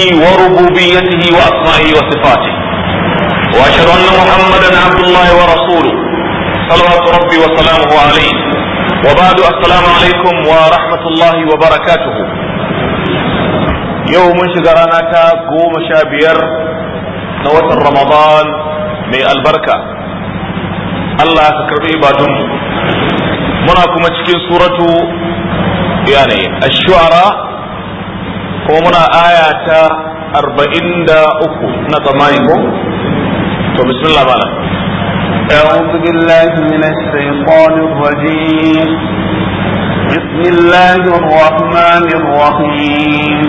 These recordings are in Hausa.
وربوبيته وأسمائه وصفاته وأشهد أن محمدا عبد الله ورسوله صلوات ربي وسلامه عليه وبعد السلام عليكم ورحمة الله وبركاته يوم شجرانك قوم شابير نوات رمضان من البركة الله تكرم عبادهم muna kuma cikin suratu yani kuma muna aya ta 43 na tsammani ko to bismillah bala أعوذ بالله من الشيطان الرجيم بسم الله الرحمن الرحيم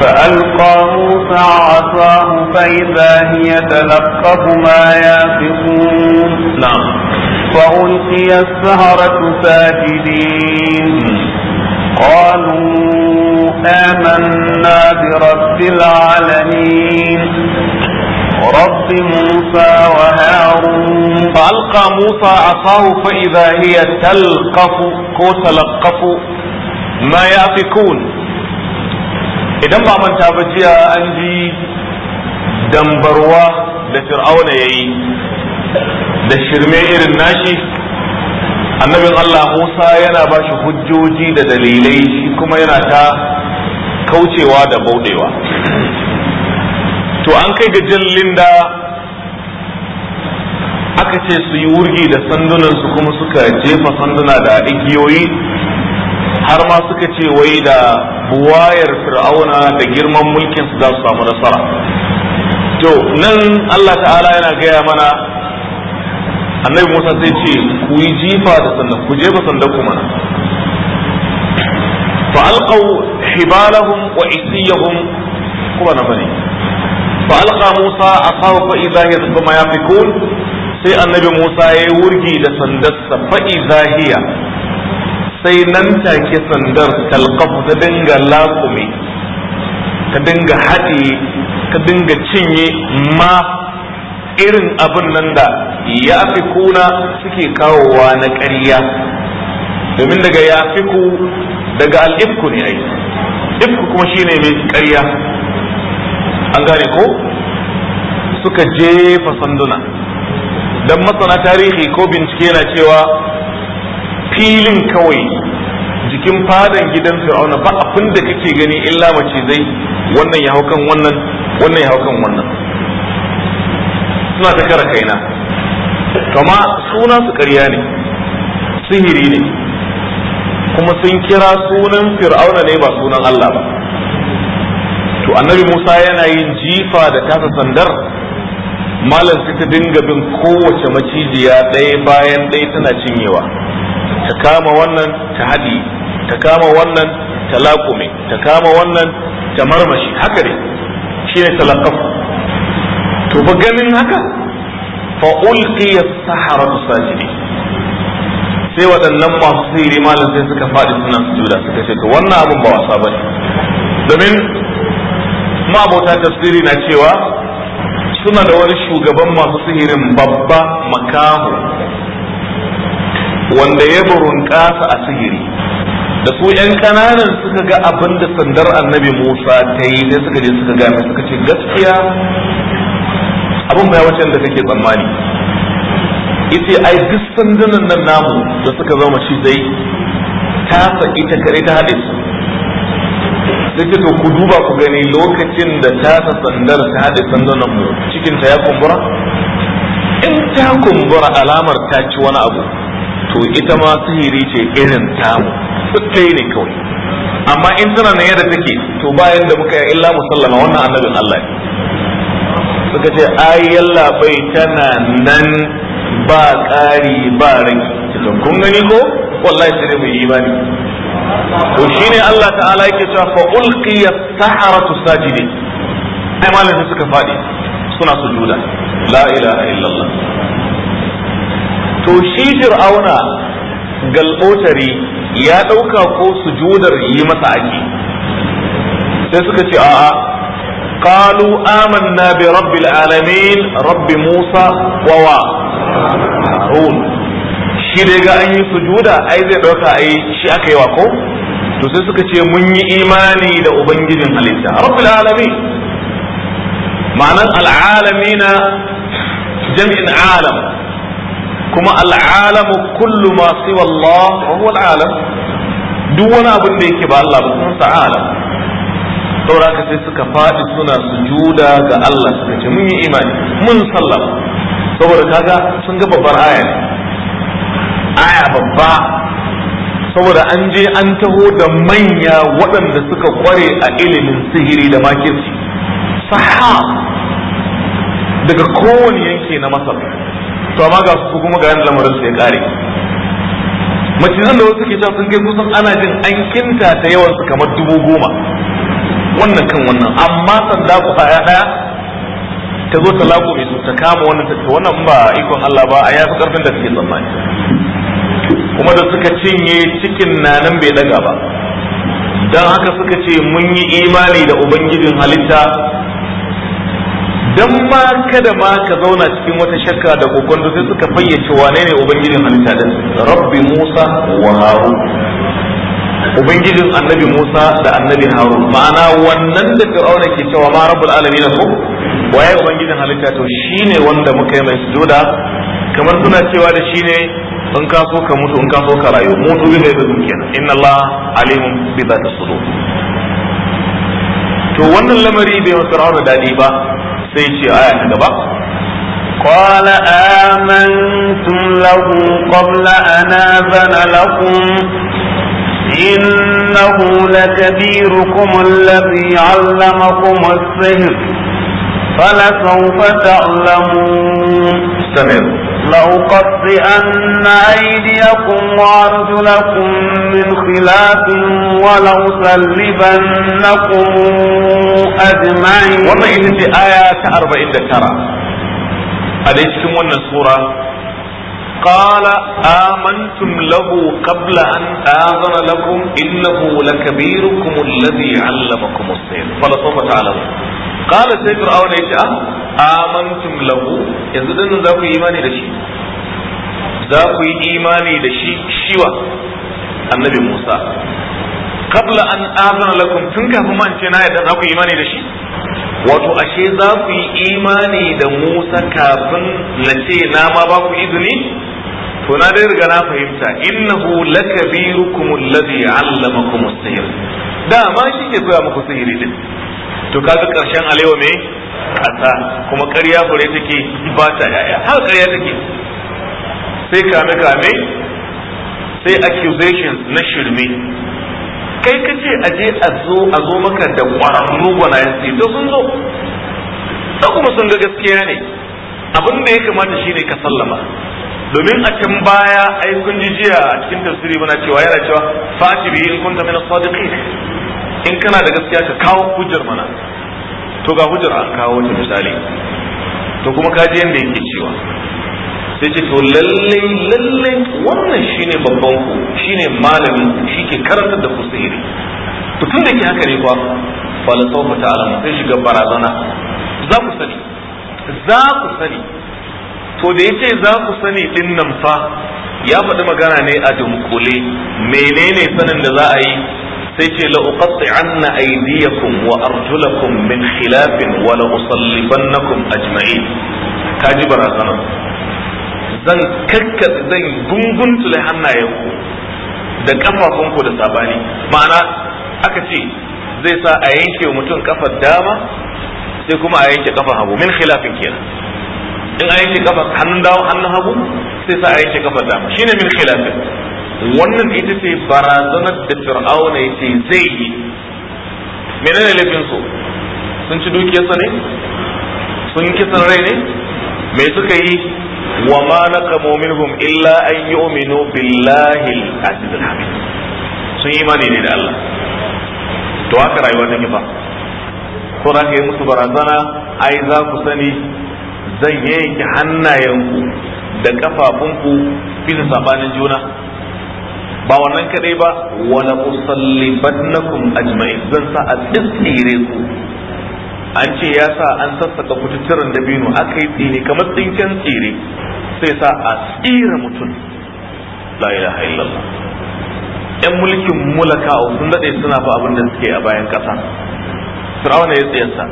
فألقى موسى عصاه فإذا هي تلقف ما يافقون نعم فألقي السهرة ساجدين قالوا آمنا برب العالمين رب موسى وهارون فألقى موسى عصاه فإذا هي تلقف كو تلقف ما يأفكون إذا ba من ba أنجي an لفرعون dambarwa da إرناشي annabin Allah Musa yana ba shi hujjoji da dalilai shi kuma yana ta kaucewa da baudewa to an kai ga jallin da aka ce su yi wurgi da sandunansu kuma suka jefa sanduna da igiyoyi har ma suka ce wai da buwayar fir'auna da girman mulkin su za su samu nasara to nan Allah ta'ala yana gaya mana annabi musa sai ce ku yi jifa da sandan ku jefa sandan ku mana fa alqaw hibalahum wa isiyahum kuma na bane fa alqa musa asahu fa idha hiya fi yafikun sai annabi musa ya yi wurgi da sandarsa fa idha hiya sai nan take sandar talqaf ta dinga lakumi, ka dinga hadi ka dinga cinye ma irin abin nan da ya fi kuna suke kawowa na ƙarya domin daga ya fi ku daga al'ifku ne ai ifku kuma shi ne mai ƙarya an gane ko suka jefa sanduna don masana tarihi ko bincike na cewa filin kawai jikin fadan gidan fir'auna ba abin da kake gani illa mace zai wannan ya hau kan wannan wannan ya hau kan wannan suna ta kara kaina kama suna su ƙarya ne sihiri ne kuma sun kira sunan fir'auna ne ba sunan Allah ba to annabi Musa yana yin jifa da tasa sandar malam sai ta dinga bin kowace macijiya ɗaya bayan ɗaya tana cinyewa ta kama wannan ta haɗi ta kama wannan ta laƙume ta kama wannan ta marmashi haka ne shine talaqafu to ba ganin haka fa ulqiya sahara sajidi sai waɗannan masu sihiri malam sai suka faɗi suna sujuda suka ce to wannan abin ba wasa bane domin ma'abota tafsiri na cewa suna da wani shugaban masu sihirin babba makaho wanda ya burunkasa a sihiri da su yan kananan suka ga abin da sandar annabi musa ta yi sai suka je suka gane suka ce gaskiya abin ba wuce da kake tsammani yace ai duk sandunan nan namu da suka zama shi zai ta ita kare ta haɗe su sai to ku duba ku gani lokacin da ta ta sandar ta haɗe sandunan mu cikin ta ya kumbura in ta kumbura alamar ta ci wani abu to ita ma sihiri ce irin tamu duk yi ne kawai amma in tana ne yadda take to bayan da muka yi illa musallama wannan annabin Allah ne suka ce ayyan labai tana nan ba ƙari ba rai kun gani ko wallahi sai mai imani to shine Allah ta'ala yake cewa fa ulqiya saharatu sajidin sai malamin suka fadi suna sujuda la ilaha illallah to shi fir'auna galbotari ya dauka ko sujudar yi masa ake sai suka ce a'a قالوا آمنا برب العالمين رب موسى ووا هارون shi da ga an yi sujuda ai zai dauka ai shi aka yi wa ko to sai suka ce mun yi imani da ubangijin halitta rabbul alamin ma'anan al'alamina jam'in alam kuma al'alamu kullu ma siwa Allah wa huwa al'alam duk wani abin da yake ba Allah ba sun sa alam saura ka sai suka faɗi suna sujuda ga Allah suka ce mun yi imani mun sallama saboda kaga sun ga babbar aya ne aya babba saboda an je an taho da manya waɗanda suka kware a ilimin sihiri da makirci saha daga kowane yanki na masar to amma ga su kuma ga lamarin su ya kare macizan da wasu ke cewa sun kai kusan ana jin an kinta ta yawan su kamar dubu goma wannan kan wannan amma sanda ku ya daya ta zo ta lako ta kama wannan ta ce wannan ba ikon Allah ba a yafi karfin da suke tsammani kuma da suka cinye cikin na nan bai daga ba dan haka suka ce mun yi imani da ubangijin halitta dan ma kada ma ka zauna cikin wata shakka da kokon sai suka fayyace wane ne ubangijin halitta din rabbi musa wa harun ubangijin annabi Musa da annabi Harun ma'ana wannan da Fir'auna ke cewa ma rabbul alamin ko waye ubangijin halitta to shine wanda muka yi mai sujuda kamar suna cewa da shine in ka so ka mutu in ka so ka rayu mutu bi da zuwa kenan inna Allah alimun bi zati sudur to wannan lamari bai wa Fir'auna dadi ba sai ce aya ta gaba قال آمنتم له قبل أن آذن لكم إنه لكبيركم الذي علمكم السهر فلسوف تعلمون استمروا لأقطئن أيديكم وأرجلكم من خلاف ولو سلبنكم أجمعين والله آيات آية 49 أليس كم السورة قال آمنتم له قبل أن آذن لكم إنه لكبيركم الذي علمكم السير فلسوف تعلمون قال سيد فرعون آمنتم له يزدن ذاك إيماني لشي ذاك إيماني لشي شوى النبي موسى qabla an azana lakum tun kafin ma ce na yadda za ku imani da shi wato ashe za ku yi imani da Musa kafin na ce na ma ba ku izini to na dai riga na fahimta innahu lakabirukum alladhi allamakum as-sihr da ma shi ke koya muku sihiri din to kaga karshen alewa me kasa kuma ƙarya fure take ba ta yaya har ƙarya take sai kame kame sai accusations na shirme kai ka ce a je a zo a zo maka da ƙwararru gwanayen su to sun zo da kuma sun ga gaskiya ne abin da ya kamata shi ne ka sallama domin a can baya ai kun ji jiya a cikin tafsiri muna cewa yana cewa fati biyu in kunta min as in kana da gaskiya ka kawo hujjar mana to ga hujjar an kawo ta misali to kuma ka je yanda yake cewa sai ce to lalle lalle wannan shine babban ku shine malamin ku shike karantar da ku sihiri to tun da ke haka ne kuwa falasofa ta alama sai shiga barazana za ku sani za ku sani to da yace za ku sani din nan fa ya faɗi magana ne a dunkule menene sanin da za a yi sai ce la uqatti'anna aydiyakum wa arjulakum min khilafin wa la usallibannakum ajma'in kaji barazana zan kakkaɗe zan gunguntule ku da ku da sabani ma'ana aka ce zai sa a yanke mutum kafar dama sai kuma a yanke kafar hagu min khilafin kenan in a yanke kafar hannun dawo hannun hagu sai sa a yanke kafar dama shine min khilafin wannan ita ce barazanar da fir'auna ya ce zai yi menene laifin su sun ci dukiyarsa ne sun kisan rai ne me suka yi wa ma naqamu minhum illa an yu'minu billahi al-aziz Sun yi sun ne da Allah to haka rayuwa take fa ko da kai musu barazana ai za ku sani zan yanke hannayenku da kafafunku bisa sabanin juna ba wannan kadai ba wala usallibannakum ajma'in zan sa a tsire ku an ce ya sa an sassaka kututturen dabino a kai tsini kamar tsinken tsire sai sa a tsira mutum la ilaha illallah yan mulkin mulaka sun daɗe suna fa abin da suke a bayan ƙasa fir'auna ya tsayarsa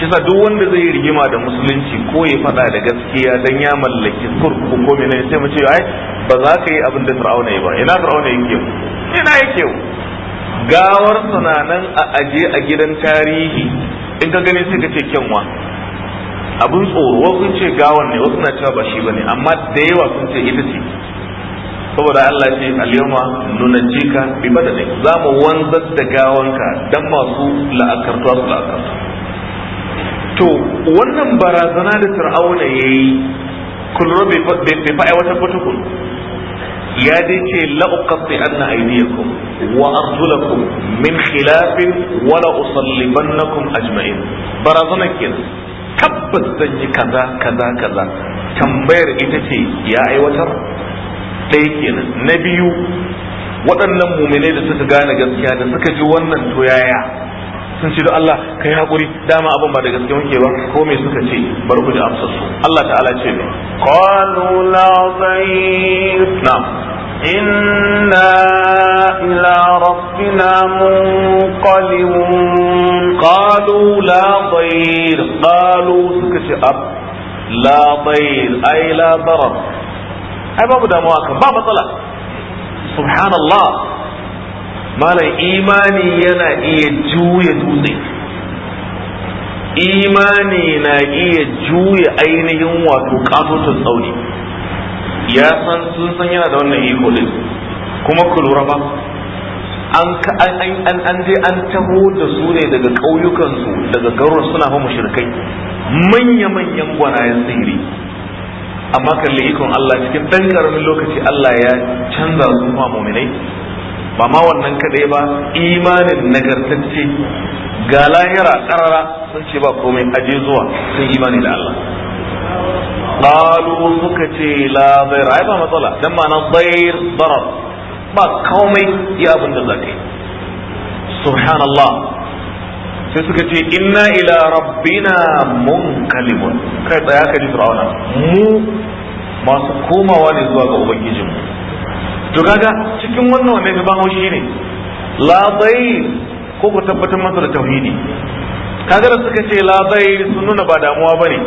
shi sa duk wanda zai rigima da musulunci ko ya faɗa da gaskiya dan ya mallaki kurku ko mene sai mu ce ai ba za ka yi abin da fir'auna ya ba ina fir'auna yake ina yake gawar sunanan a aje a gidan tarihi in ka gani sai ka ce kyanwa abin tsoro wasu ce gawan ne wasu na cewa ba shi bane amma da yawa sun ce ita ce saboda Allah ce al nuna nunajjika bi badanik za mu wanzar da gawanka dan masu la'akarta su la'akartu to wannan barazana da fir'auna yayi kullu bai bai fa'a wata fatakun ya dai ce la'uqatti anna aydiyakum wa arjulakum min khilafin wa la usallibannakum ajma'in barazana kenan tabbas zan yi kaza kaza kaza tambayar ita ce ya aiwatar ɗaya na biyu waɗannan mumine da suka gane gaskiya da suka ji wannan to yaya sun ce don Allah ka yi haƙuri dama abin ba da gaske muke ba ko me suka ce bari ku ji amsar su Allah ta'ala ce ne qalu la na'am inna ila rabbina munqalibun qalu la dayr qalu suka ce ab la dayr ay la darar ai babu damuwa kan ba matsala subhanallah malam imani yana iya juya dutse imani na iya juya ainihin wato katutun tsauni ya san sun san yana da wannan iko din kuma ku lura ba an je an taho da su ne daga ƙauyukansu daga garuruwa suna fa mushrikai manya-manyan gwanayen sihiri amma kalli ikon Allah cikin ɗan ƙaramin lokaci Allah ya canza su ma muminai ba ma wannan kadai ba imanin nagartacce ga lahira karara sun ce ba komai aje zuwa sun imani da Allah qalu suka ce la bayr ai ba matsala dan ma nan bayr darar ba komai ya abin da zaka yi subhanallah sai suka ce inna ila rabbina munqalibun kai tsaya ka ji fir'auna mu masu komawa ne zuwa ga ubangijinmu to kaga cikin wannan wanda ya ban haushi ne labai ko ku tabbatar masa da tauhidi kaga da suka ce labai sun nuna ba damuwa bane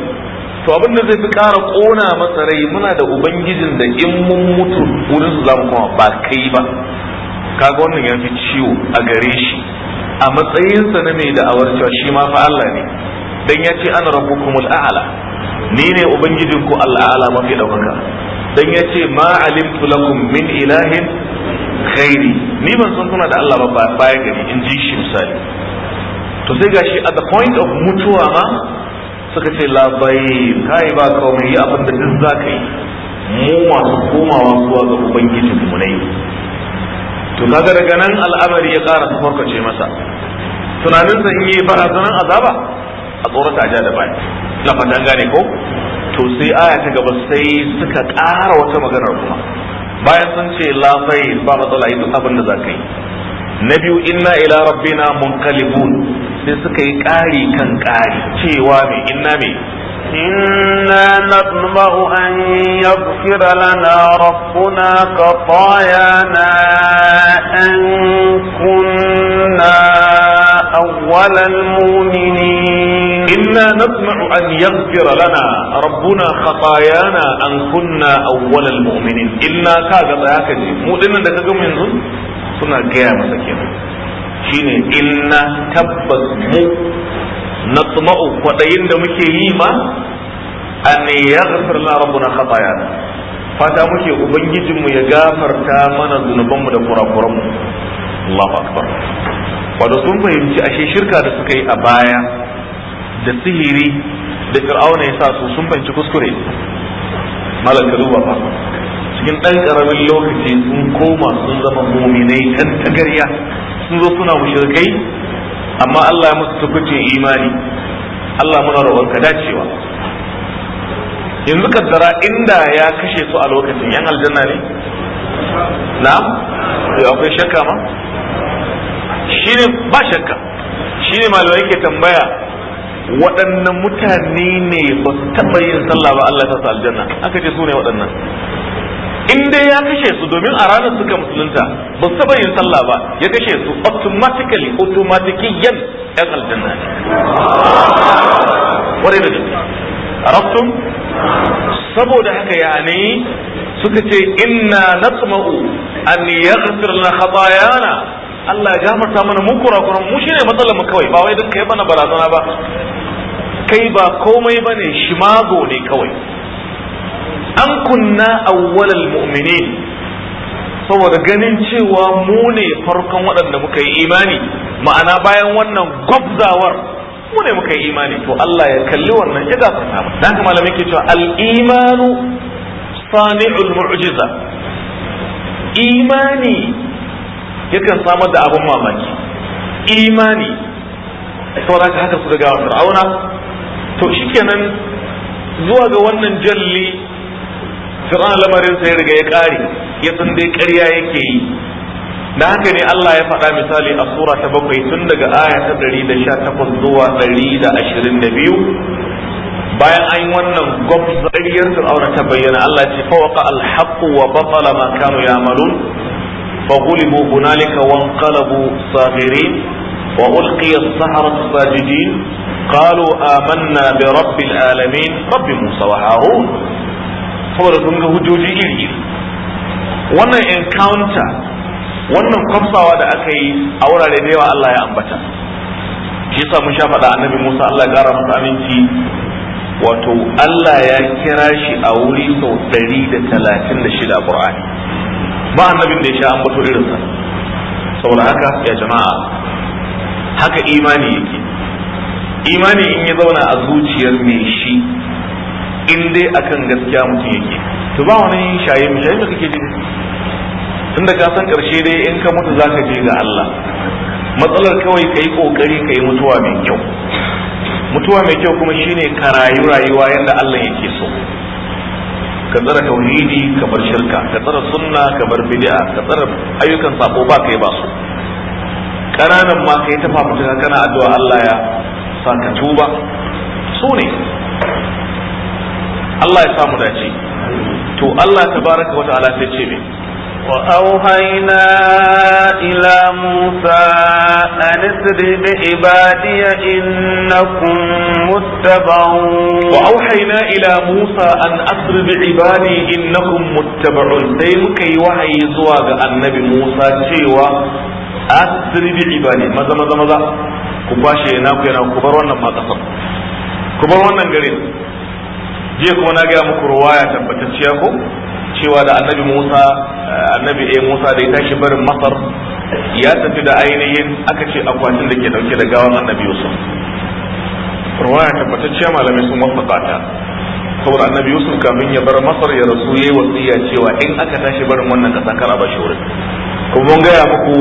to abin da zai fi ƙara ƙona masa rai muna da ubangijin da in mun mutu wurin su zamu kuma ba kai ba kaga wannan ya fi ciwo a gare shi a matsayinsa na mai da cewa shi ma fa Allah ne dan ya ce ana rabbukumul a'la ni ne ubangijinku al'ala mafi daukaka dan ya ce ma alimtu lakum min ilahin khairi ni ban san kuna da Allah ba bayan gari in ji shi misali to sai gashi at the point of mutuwa ma suka ce bai kai ba komai yi abin da duk za yi mu masu komawa zuwa ga ubangijin mu ne to kaga daga nan al'amari ya ƙara ce masa tunanin sa in yi barazanar azaba a tsorata a da baya na fatan gane ko to sai aya ta gaba sai suka ƙara wata maganar kuma bayan sun ce lafai ba matsala yi duk abin da za ka yi na biyu inna ila rabbina munqalibun sai suka yi ƙari kan ƙari cewa mai inna mai إنا نطمع أن يغفر لنا ربنا خطايانا أن كنا أول muminin. إنا نطمع أن يغفر لنا ربنا خطايانا أن كنا أول المؤمنين إنا كاغا ذاك جي مؤمن da kaga yanzu suna gaya masa kenan shine inna tabbas mu natma'u kwadayin da muke yi ma an yaghfir lana rabbuna khatayana fata muke ubangijinmu ya gafarta mana zunubanmu da kurakuranmu Allahu akbar wato sun fahimci ashe shirka da suka yi a baya da sihiri da fir'auna ya sa su sun fahimci kuskure malam ka duba ba cikin ɗan ƙaramin lokaci sun koma sun zama muminai kan tagarya sun zo suna mushirkai amma Allah ya musu tukucin imani Allah muna rawar ka dacewa yanzu kaddara inda ya kashe su a lokacin yan aljanna ne na eh, akwai shakka ma shi ne ba shakka shi ne malamai ke tambaya waɗannan mutane ne ba su taɓa yin sallah ba Allah ta aljanna aka ce su ne waɗannan in dai ya kashe su domin a ranar suka musulunta ba su taɓa yin sallah ba ya kashe su automatically otomatikiyan yan aljanna ne kwarai da gaske arabtum saboda haka ya ne suka ce inna natma'u an yaghfir lana khatayana Allah ya gafarta mana mu kurakuran mu shine matsalar mu kawai ba wai duk kai bana barazana ba kai ba komai bane shimago ne kawai an kunna awwalal mu'minin saboda ganin cewa mu ne farkon waɗanda muka yi imani ma'ana bayan wannan gwabzawar mu ne muka yi imani to Allah ya kalli wannan ya gafarta mu dan malamai ke cewa al-imanu sani'ul mu'jiza imani yakan samar da abin mamaki imani saboda haka suka gawa fir'auna to shikenan zuwa ga wannan jalli fir'auna lamarin sai riga ya kare ya san dai ƙarya yake yi da haka ne Allah ya faɗa misali a sura ta bakwai tun daga aya ta ɗari da sha takwas zuwa ɗari da ashirin da biyu bayan an yi wannan gwamnati zariyar fir'auna ta bayyana Allah ce fawaka alhaqu wa batala ma kanu malu فغلبوا هنالك وانقلبوا صاغرين وألقي السحرة ساجدين قالوا آمنا برب العالمين رب موسى وهارون saboda kun ga hujjoji iri wannan encounter wannan kwamsawa da aka yi a wurare da yawa Allah ya ambata shi yasa mun sha annabi Musa Allah gara masa wato Allah ya kira shi a wuri sau a Qur'ani ba annabin da ya sha an ambato irinsa saboda haka ya jama'a haka imani yake imani in ya zauna a zuciyar mai shi in dai akan gaskiya mutum yake to ba wani shaye mu shaye da kake ji tunda ka san karshe dai in ka mutu zaka je ga Allah matsalar kawai kai kokari kai mutuwa mai kyau mutuwa mai kyau kuma shine ka rayu rayuwa yanda Allah yake so ka tsara tauhidi kamar shirka ka tsara sunna kamar bid'a ka tsara ayyukan sako ba kai ba su kananan ma kai ta fafutuka kana addu'a Allah ya saka tuba su ne Allah ya samu dace to Allah tabaraka wa ta'ala sai ce وأوهينا إلى موسى أن اسر بعبادي إنكم متبعون وأوحينا إلى موسى أن أسر بعبادي إنكم متبعون دي مكي وحي زواج النبي موسى تيوى أسر بعبادي ماذا ماذا ماذا كباشي يناكو يناكو كبر ونم ما تصب كبر ونم قريب جيكو ناقيا جاء مكروايا تبتتشيكم cewa da annabi Musa eh, annabi eh Musa da ya tashi barin Masar ya tafi da ainihin aka ce akwatin da ke dauke da gawan annabi Yusuf ruwaya tabbatacciya malamai sun wafaka ta saboda annabi Yusuf kafin ya bar Masar ya rasu yayi wasiya cewa in aka tashi barin wannan kasa kar a bashi wurin kuma mun gaya muku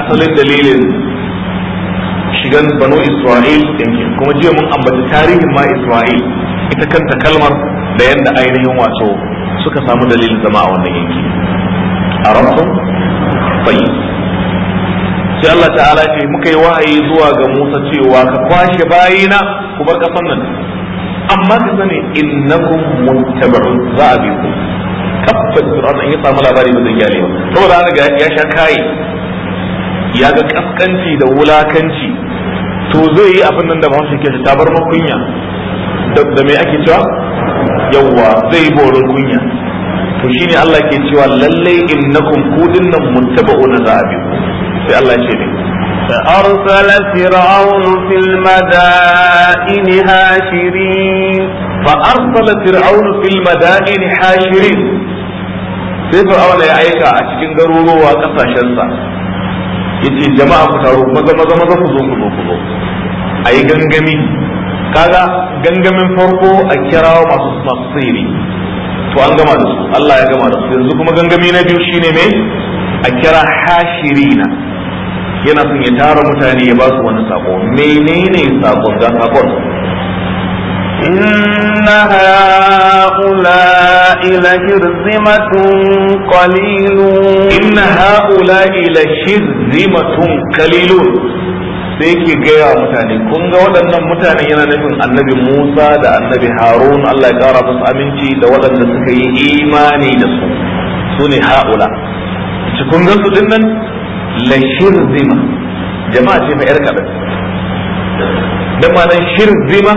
asalin dalilin shigan banu Isra'il yankin kuma jiya mun ambaci tarihin ma Isra'il ita kanta kalmar da yanda ainihin wato suka samu dalilin zama a wannan yanki a rabbin fayi sai Allah ta'ala ce muka yi wahayi zuwa ga Musa cewa ka kwashe bayina ku bar kasan nan amma ka sani innakum muttaba'un za a bi ku tabbas Fir'aun in samu labari da zai gyale ba saboda ga ya sha kai ya ga kaskanci da wulakanci to zai yi abin nan da ba shi ke ta bar makunya da me ake cewa yawwa zai bora kunya to shine Allah ke cewa lalle innakum kuɗin nan muttaba'una za a biyu sai Allah ce ne فأرسل فرعون في المدائن هاشرين فأرسل فرعون في المدائن حاشرين sai fir'auna ya aika a cikin garuruwa kasashensa yace jama'a ku taro maza maza maza ku zo ku ayi gangami kaga gangamin farko a kira masu tafsiri to an gama da su Allah ya gama da su yanzu kuma gangami na biyu shine me a kira hashirina yana son ya tara mutane ya ba su wani sako menene sakon ga sakon إن هؤلاء لشرذمة قليلون إن هؤلاء لشرذمة قليلون sai yake gaya wa mutane kun ga waɗannan mutanen yana nufin annabi Musa da annabi Harun Allah ya kara musu aminci da waɗanda suka yi imani da su su ne ha'ula ci kun ga su din nan la shirzima jama'a ce mai yar kaɗan dan ma nan shirzima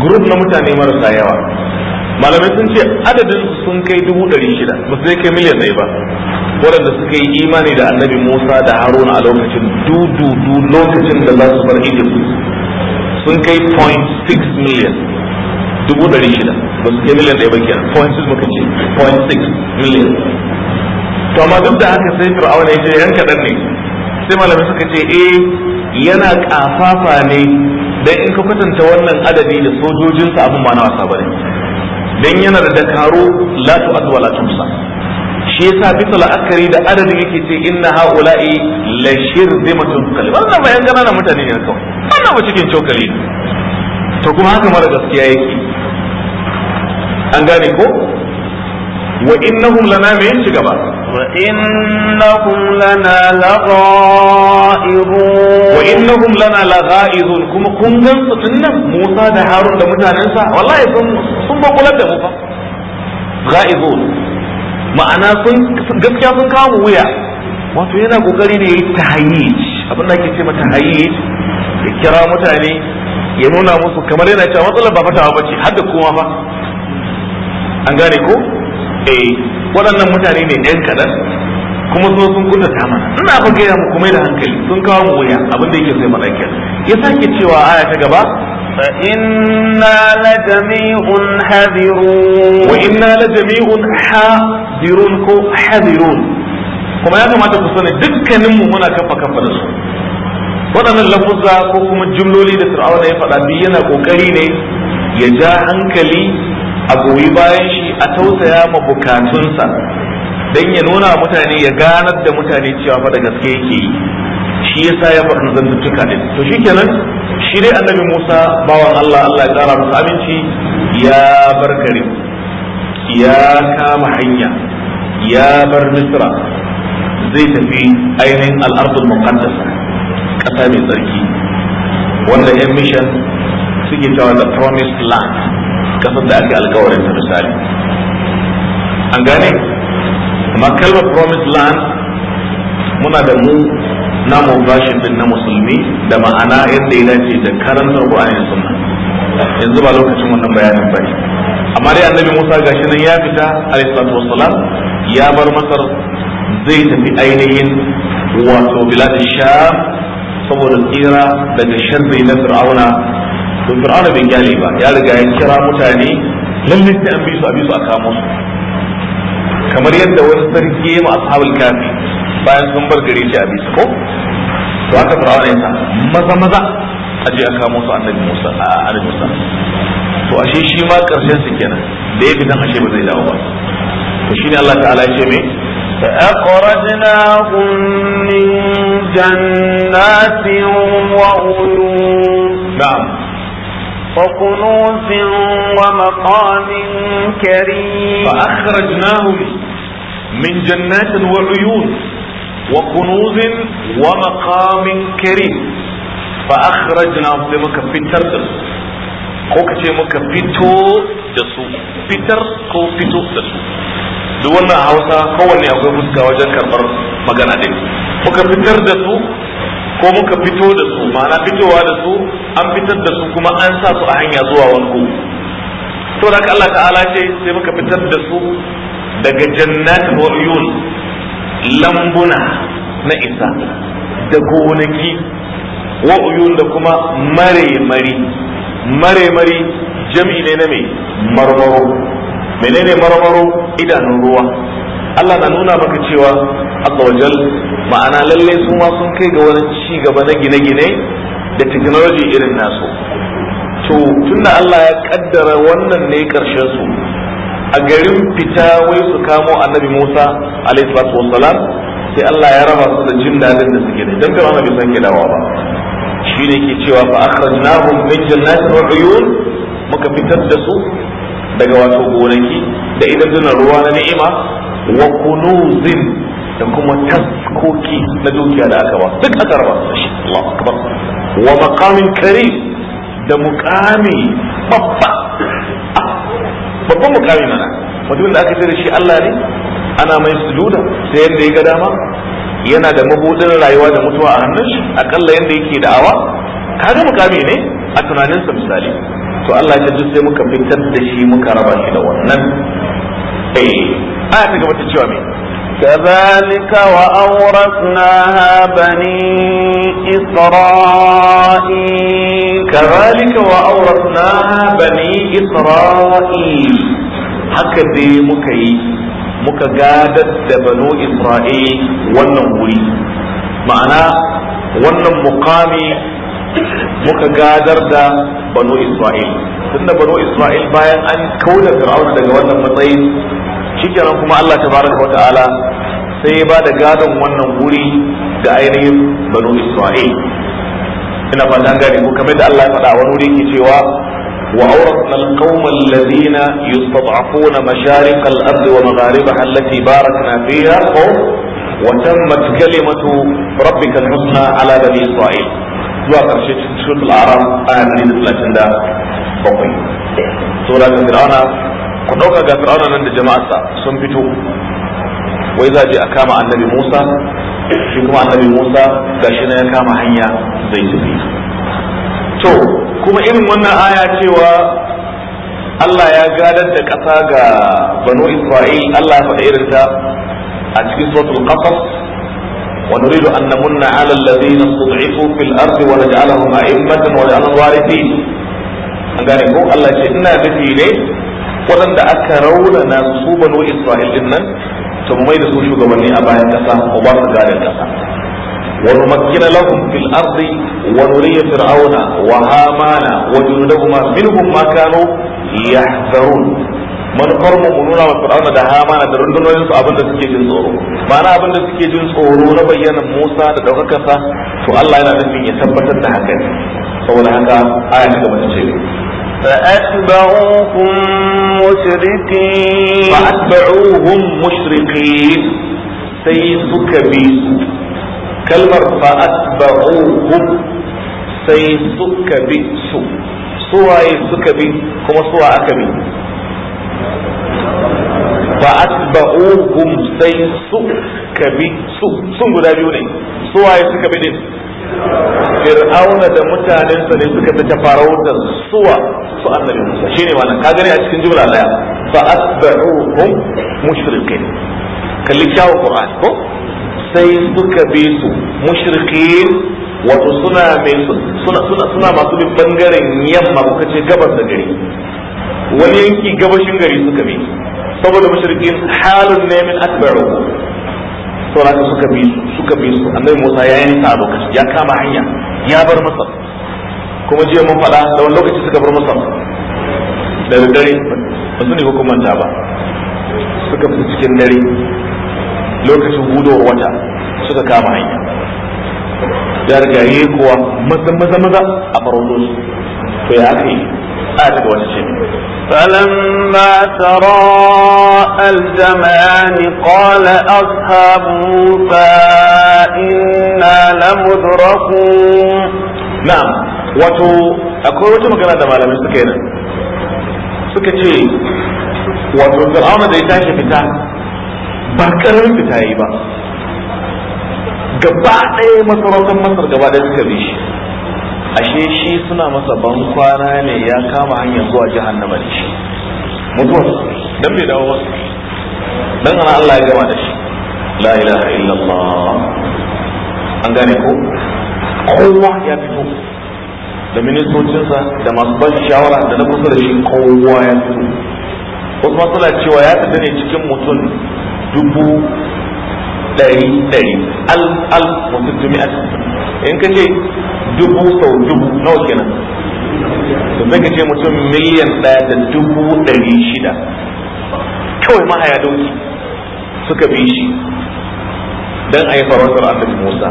group na mutane marasa yawa malamai sun ce adadin sun kai dubu ɗari shida ba sai kai miliyan ɗaya ba waɗanda suka yi imani da annabi Musa da Haruna a lokacin dududu lokacin da za su bar Egypt sun kai 0.6 million dubu ɗari shida ba su kai miliyan ɗaya ba kenan 0.6 muka ce 0.6 million to amma duk da haka sai fir'auna ya ce yan kaɗan ne sai malamai suka ce eh yana kafafa ne dan in ka kwatanta wannan adadi da sojojinsa abin ba na wasa bane dan yana da dakaru la tu'ad wa la tumsa shi yasa bisa la'akari da adadin yake ce inna haula'i la shirzimatun qalil wannan bayan ganana mutane ne kawai wannan ba cikin cokali to kuma haka mara gaskiya yake an gane ko wa innahum lana min shiga ba wa innahum lana laghaizun wa innahum lana laghaizun kuma kun gan su tunnan Musa da Harun da mutanensa wallahi sun sun bakular da mu fa ghaizun ma'ana sun gaskiya sun kawo wuya wato yana kokari ne ta hayi abin da ake ce mata hayi ya kira mutane ya nuna musu kamar yana cewa matsalar ba fatawa ce, har da kowa ba. an gane ko eh waɗannan mutane ne ɗan kaɗan kuma so sun kunta ta mana ina ba gaya mu kuma da hankali sun kawo mu wuya abin da yake sai mana kenan ya sake cewa aya ta gaba فإنا لجميع حذرون وإنا لجميع حاذرون حذرون kuma ya kamata ku sani dukkaninmu muna kafa kafa da su waɗannan lafuzza ko kuma jumloli da fir'auna ya faɗa biyu yana ƙoƙari ne ya ja hankali a goyi bayan shi a tausaya ma bukatunsa don ya nuna mutane ya ganar da mutane cewa faɗa gaske yake yi shi yasa ya faɗi zantuttuka ne to kenan. shi dai annabi Musa bawan Allah Allah ya kara masa aminci ya bar garin ya kama hanya ya bar Misra zai tafi ainihin al'ardul muqaddasa ƙasa mai tsarki wanda yan mission suke cewa the promised land kasar da aka alkawarin ta misali an gane amma kalmar promised land muna da mu na mubashin din na musulmi da ma'ana yadda ya dace da karantar Qur'ani sunna yanzu ba lokacin wannan bayanin bane amma dai annabi Musa gashi nan ya fita alayhi salatu wassalam ya bar Masar zai tafi ainihin wato bilad sham saboda tsira daga sharri na fir'auna to fir'auna bai gyale ba ya riga ya kira mutane lalle sai an bi su a bi su a kamo su kamar yadda wani sarki ya ma ashabul kafi bayan sun bar gare shi a bisa ko to haka fir'auna ya sa maza maza a je a kamo su annabi Musa a annabi Musa to ashe shi ma karshen su kenan da ya fitan ashe ba zai dawo ba to shine Allah ta'ala ya ce me فأخرجناهم من جنات وعيون نعم وكنوز ومقام كريم فأخرجناهم من جنات وعيون وكنوز ومقام كريم فأخرجنا sai muka fitar da su ko ka muka fito da su fitar ko fito da su duk wannan hausa kowanne akwai fuska wajen karɓar magana din muka fitar da su ko muka fito da su ma'ana fitowa da su an fitar da su kuma an sa su a hanya zuwa wani ko to da Allah ta'ala ce sai muka fitar da su daga jannatin wa'uyun lambuna na isa da gonaki wa uyun da kuma mare-mari. Mare-mari jam'i ne na mai marmaro menene marmaro idanun ruwa Allah na nuna maka cewa wajal ma'ana lalle su ma sun kai ga wani ci gaba na gine-gine da technology irin nasu to tunda Allah ya kaddara wannan ne karshen su a garin fita wai su kamo annabi Musa alaihi salatu sai Allah ya raba su da jin dadin da suke da dan kan annabi san kidawa ba shi ne ke cewa fa akhrajnahum min jannatin wa uyun muka fitar da su daga wato gonaki da idan ruwa na ni'ima wa kunuzin da kuma taskoki na dukiya da aka ba duk aka raba su Allahu akbar wa maqamin karim da muqami babba babban mukami mana mutumin da aka shi Allah ne ana mai sujuda sai yadda ya ga dama yana da mabudin rayuwa da mutuwa a hannun shi akalla yanda yake da'awa kaga mukami ne a tunaninsa misali to Allah ya sai muka fitar da shi muka raba shi da wannan eh aya ta gaba ta cewa me كذلك وأورثناها بني إسرائيل كذلك وأورثناها بني إسرائيل muka yi muka gadar da والنوري Isra'il wannan mukami muka gadar da banu isra'il tunda banu isra'il bayan an kauda fir'auna daga wannan matsayin shikenan kuma Allah tabaraka wa ta'ala sai ya ba da gadon wannan guri ga ainihin banu isra'il ina fata an gane ko kamar da Allah ya faɗa wani wuri yake cewa wa awratna alqawma alladhina yustad'afuna masharik al-ardi wa magharibaha allati barakna fiha wa tammat kalimatu rabbika al-husna ala bani isra'il zuwa karshe cikin suratul a'raf aya 137 saboda ga fir'auna ku dauka ga fir'auna nan da jama'arsa sun fito wai za je a kama annabi Musa shi kuma annabi Musa gashi na ya kama hanya zai tafi to kuma irin wannan aya cewa Allah ya gadar da ƙasa ga banu Isra'il Allah ya faɗa irin ta a cikin suratul qasas wa nuridu an namunna 'ala alladhina stud'ifu fil ardi wa naj'alahum a'immatan wa naj'alahum warithin an gane ko Allah ce ina nufi ne waɗanda aka raunana su banu Isra'il din nan to mai da su shugabanni a bayan kasa mu ba su gadin kasa wa numakkina lahum fil ardi wa nuriya fir'auna wa hamana wa junudahuma minhum ma kanu yahzarun manufar mu nuna wa fir'auna da hamana da rundunoyin su abinda suke jin tsoro ma'ana abinda suke jin tsoro na bayyana Musa da daukakarsa to Allah yana nufin ya tabbatar da haka saboda haka aya ta gaba ta ce فأتبعوهم مشرقين فأتبعوهم مشرقين سيد كبير كلمة فأتبعوهم سيسك سو سوى يسك بي كما سوى أكبي فأتبعوهم سيسك بيس سوى سوى سوى سوى سو fir'auna da mutanensa ne suka take farautar suwa su annabi Musa shine wannan ka gani a cikin jumla daya fa asba'uhum mushrikin kalli kyawun Qur'an ko sai suka bi su mushrikin wa suna mai suna suna suna masu bin bangaren yamma ko kace gabas da gari wani yanki gabashin gari suka bi saboda mushrikin halun ne min asba'uhum sauraka suka bi su suka bi su annabi Musa ya yi a lokaci ya kama hanya ya bar Masar kuma jiya mun faɗa da wani lokaci suka bar Masar da dare ba su ne hukumanta ba suka fita cikin dare lokacin hudowar wata suka kama hanya ya riga yi kuwa maza maza maza a farauto su to ya aka yi a daga wani ce فلما تراءى الجمعان قال أصحاب موسى إنا لمدركون نعم وتو أقول وجه مكان هذا مالا مستكينا سكتي وتو فرعون ذي تاشي فتا بكر فتاي با gaba ɗaya masarautar masar gaba ɗaya suka bi shi ashe shi suna masa ban kwana ne ya kama hanyar zuwa jahannama da shi mutuwar dan bai dawo masa dan ana Allah ya gama da shi la ilaha illallah an gane ko kowa ya fito da ministocinsa da masu ban shawara da na kusa da shi kowa ya fito wasu matsala cewa ya fita ne cikin mutum dubu ɗari ɗari al al mutum in ka ce dubu sau dubu nawa kenan sai ka ce mutum miliyan ɗaya da dubu ɗari shida kawai mahaya dauki suka bi shi dan a yi farautar annabi Musa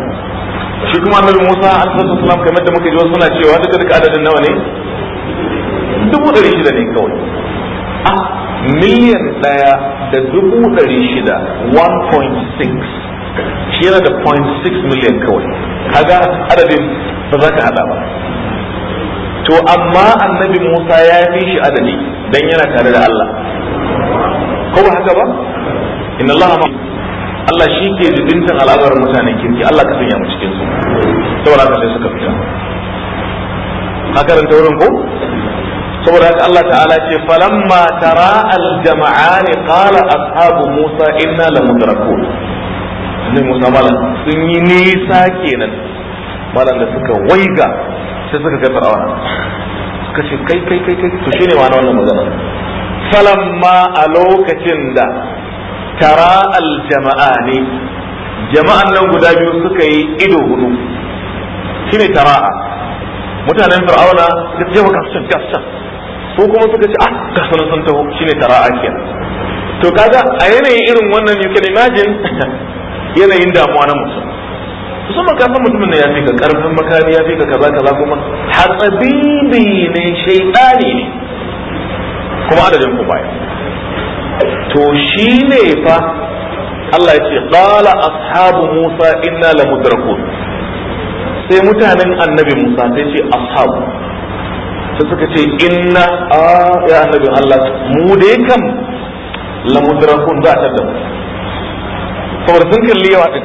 shi kuma annabi Musa alaihi salam kamar da muka ji wasu suna cewa duka duka adadin nawa ne dubu ɗari shida ne kawai a ah, miliyan ɗaya da dubu ɗari shida 1.6 shi yana da 0.6 million kawai kaga adadin ba za ka hada ba to amma annabi Musa ya fi shi adadi dan yana tare da Allah ko ba haka ba inna Allah ma Allah shi ke jibintan al'adar mutanen kirki Allah ka sanya mu cikin su saboda haka sai suka fita ka ta wurin ko saboda haka Allah ta'ala ce falamma tara al-jama'ani qala ashabu Musa inna lamudrakun annabi Musa malam sun yi nisa kenan malam da suka waiga sai suka ga fir'auna suka ce kai kai kai kai to shine wani wannan magana falamma a lokacin da tara aljama'a ne jama'an nan guda biyu suka yi ido hudu shine tara'a mutanen fir'auna suka ce maka sun gasa su kuma suka ce ah gasa sun taho shine tara'a kenan to kaga a yanayin irin wannan you can imagine yanayin damuwa na mutum musamman ka mutumin na ya fi ka karfin makami ya fi ka kaza kaza kuma hatsabibi ne shaidani ne kuma adadin ku baya to shi ne fa Allah ya ce qala ashabu Musa inna la mudrakun sai mutanen annabi Musa sai ce ashabu sai suka ce inna a ya annabin Allah mu dai kam la mudrakun za ta da mu saboda sun kalli yawa din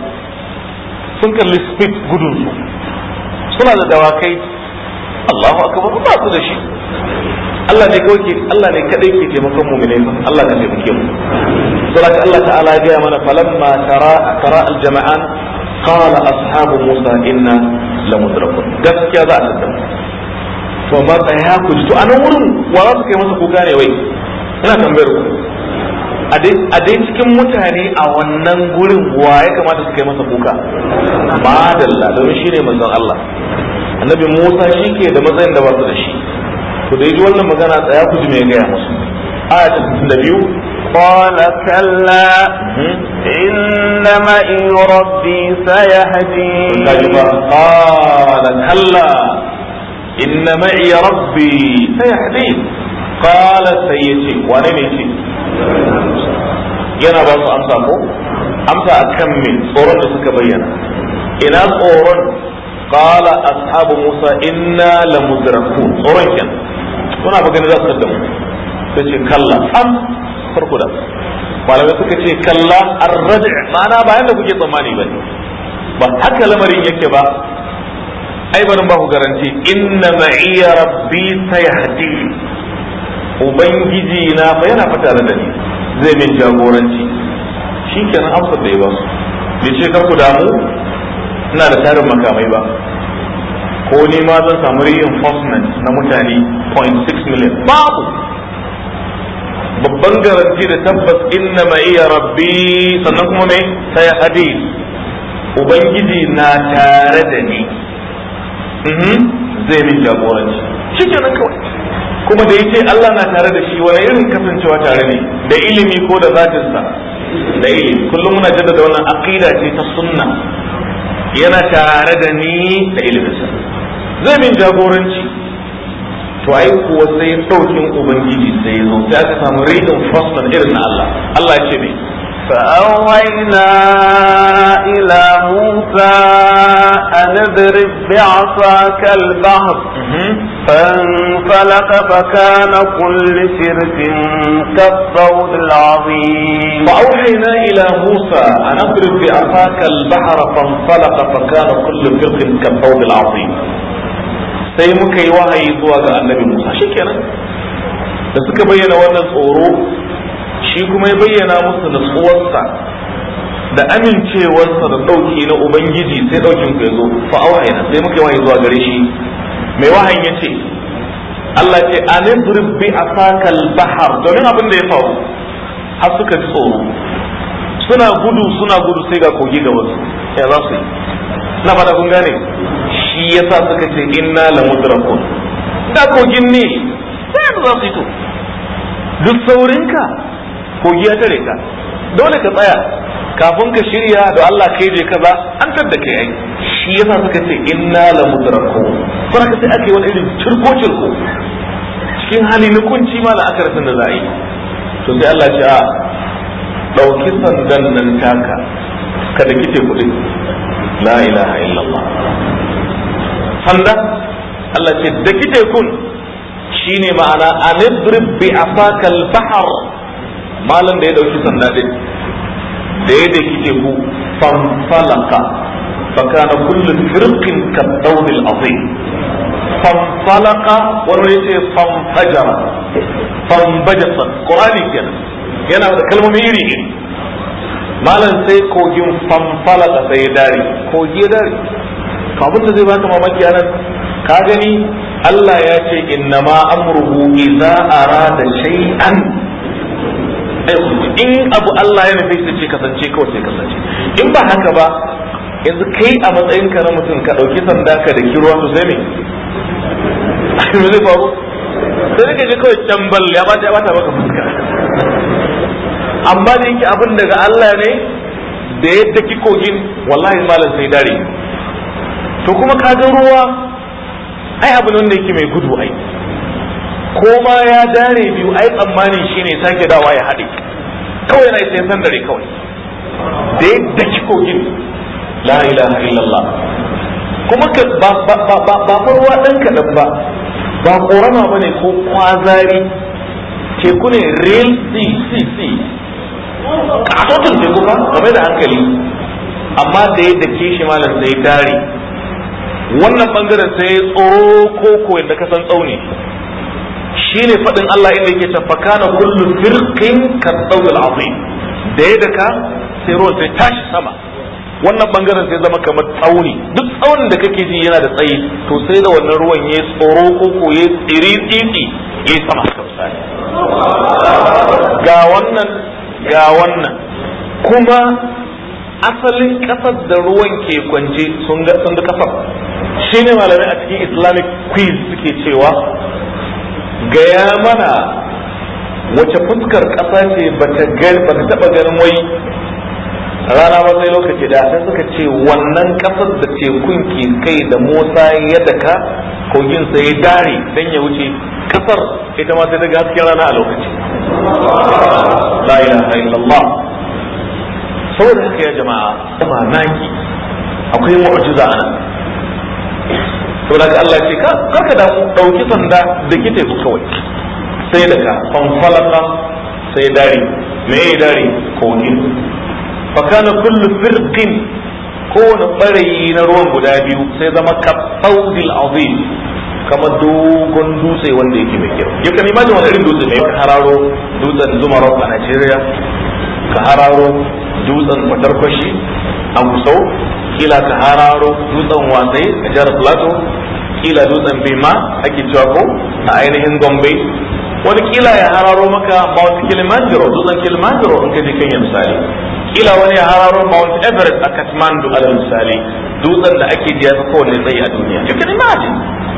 sun kalli speed gudun su suna da dawakai Allahu akbar ba su da shi Allah ne kawai ke Allah ne kadai ke taimakon mu'minai Allah ne taimake mu saboda Allah ta'ala ya ga mana falamma tara tara al-jama'an قال أصحاب موسى إنا لمدركون gaskiya za a tattauna to ma tsaya ya ji to anan wurin wa za su kai masa kuka ne wai ina tambayar ku a dai cikin mutane a wannan gurin wa ya kamata su kai masa kuka Ba da domin shi ne manzon Allah annabi Musa shi ke da matsayin da ba su da shi ku da yi wannan magana tsaya ku ji mai gaya musu aya ta biyu قال كلا إن معي ربي سيهدين قال كلا إن معي ربي سيهدين kala sai ce wane ne ce yana ba su amsa ko amsa akan me tsoron da suka bayyana ina tsoron qala ashabu musa inna lamudrakun tsoron kenan kuna ba gani za su mu sai ce kalla am farko da malamai suka ce kalla arraj mana bayan da kuke tsammani ba ba haka lamarin yake ba ai barin ba ku garanti inna ma'iya rabbi sayahdi ubangiji na fa yana fata da ni zai min jagoranci shikenan amsa da su bai ce kar ku damu ina da tarin makamai ba ko ni ma zan samu reinforcement na mutane 0.6 million babu babban garanti da tabbas inna ma ya rabbi sannan kuma mai sai hadi ubangiji na tare da ni mhm. zai min jagoranci shikenan kawai kuma da ce Allah na tare da shi wani irin kasancewa tare ne da ilimi ko da zatinsa da ilimi kullum muna jaddada wannan aqida ce ta sunna yana tare da ni da iliminsa zai min jagoranci to ai kuwa sai saukin ubangiji sai zo sai aka samu rikin faslan irin na Allah Allah ya ce ne فأوحينا إلى موسى أن اضرب بعصاك البحر فانفلق فكان كل شرك كالصوت العظيم فأوحينا إلى موسى أن اضرب بعصاك البحر فانفلق فكان كل فرق كالصوت العظيم سي مكي وهي wahayi zuwa موسى annabi Musa shikenan da suka أورو shi kuma ya bayyana musu nutsuwarsa da amincewarsa da ɗauki na ubangiji sai ɗaukin ku ya zo fa sai muka wahayi zuwa gare shi mai wahayin ya ce Allah ce anin bi asakal bahar domin abin da ya faru har suka ji tsoro suna gudu suna gudu sai ga kogi ga wasu ya za su yi na fata kun gane shi yasa suka ce inna la mudrakun da kogin ne sai za su yi to duk saurinka kogi ya tare ka dole ka tsaya kafin ka shirya da Allah kai je kaza an tar da kai ai shi yasa suka ce inna la mudraku kuma ka sai ake wani irin turko turko cikin hali na kunci ma la akar da za yi to sai Allah ce a dauki sandan nan taka da kike kudi la ilaha illallah sanda Allah ce da kike kun shine ma'ana anidrib bi asakal bahar malam da ya dauki sanda din da ya da kike ku fanfalaka fakana kullu firqin kadawd al-azim fanfalaka wani yace fanfajara fanbajasa qur'ani kenan yana da kalmomi iri ne malam sai kogin fanfalaka sai ya dare kogi ya dare Kamar da zai baka mamaki anan ka gani Allah ya ce innama amruhu idza arada shay'an in abu Allah ya nufi shi ce kasance kawai sai kasance in ba haka ba yanzu kai a matsayin ka na mutum ka dauki sanda ka da kirwa to sai me zai faru sai ka je kawai balle ya ba ta bata maka fuska amma da yake abin daga Allah ne da yadda ki kogin wallahi malam sai dare to kuma ka ga ruwa ai abu ne wanda yake mai gudu ai ko ma ya dare biyu ai tsammanin shi ne sake dawa ya haɗe kawai na isa san dare kawai da ya daki kogin la ilaha illallah kuma ka ba ba ba ba ƙorama ba ba korama bane ko kwazari teku ne real sea sea sea teku ba game da hankali amma da ya dake shi malam sai dare wannan bangaren sai tsoro ko ko yadda kasan tsauni Shi ne faɗin Allah inda yake ta fakana kullu firqin kadawil azim da ya daka sai ruwan sai tashi sama wannan bangaren sai zama kamar tsauni duk tsaunin da kake ji yana da tsayi to sai da wannan ruwan ya tsoro ko ko ya tsiri tsitsi ya sama ka ga wannan ga wannan kuma asalin kasar da ruwan ke kwance sun ga kasar shi ne malamai a cikin islamic quiz suke cewa gaya mana wace fuskar ƙasa ce ba ta taɓa ganin wai rana ba sai lokaci da sai suka ce wannan ƙasar da tekun ke kai da musa ya daka kogin sai ya dare don ya wuce ƙasar ita ma sai daga hasken rana a lokaci la ilaha illallah saboda haka ya jama'a naki akwai mu'jiza anan to daga Allah ce ka karka da dauki sanda da kite su kawai sai daga fanfalaka sai dari me ya dari kogin fakana kullu firqin kowane barayi na ruwan guda biyu sai zama kafaudil azim kamar dogon dutse wanda yake mai kyau yau kan imajin wani irin dutse mai hararo dutsen rock a Najeriya ka hararo dutsen fatarkwashi a musau kila ta hararo dutsen wasai a jihar plateau kila dutsen bima ake cewa ko a ainihin gombe wani kila ya hararo maka mount kilimanjaro dutsen kilimanjaro in ka je kenya misali kila wani ya hararo mount everest a kathmandu alal misali dutsen da ake jiya ta kowane tsayi a duniya you can imagine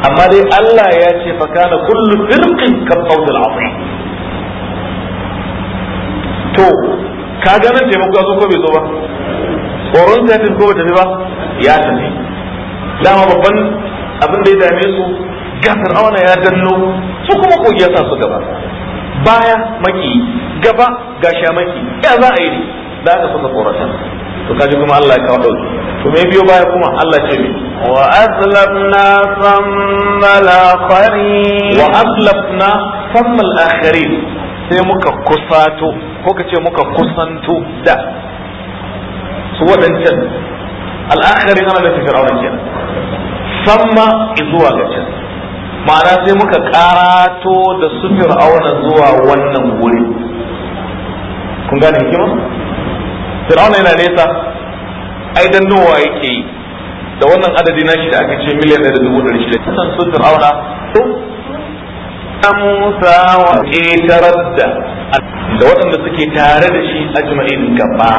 amma dai allah ya ce fa kana kullu firqin kan sautul azim to ka ganin taimako ya zo ko bai zo ba tsoron su ko ba tafi ba ya tafi dama babban abin da ya dame su gasar awana ya danno su kuma kogi ya sa su gaba baya maki gaba ga maki. ya za a yi ne da aka saka korata. to kaji kuma Allah ya kawo dauki to me biyo baya kuma Allah ce ne wa aslafna sammal akharin wa aslafna sammal akharin sai muka kusato ko kace muka kusanto da su waɗancan al'akari ana da auren kenan samma zuwa ga can ma'ana sai muka karato da su fir'auna zuwa wannan wuri kun gane hikima fir'auna yana nesa ai dan nowa yake yi da wannan adadi na shi da aka ce miliyan da dubu ɗari shida kasan su fir'auna Musa wa ƙetarar da waɗanda suke tare da shi ajma'in gaba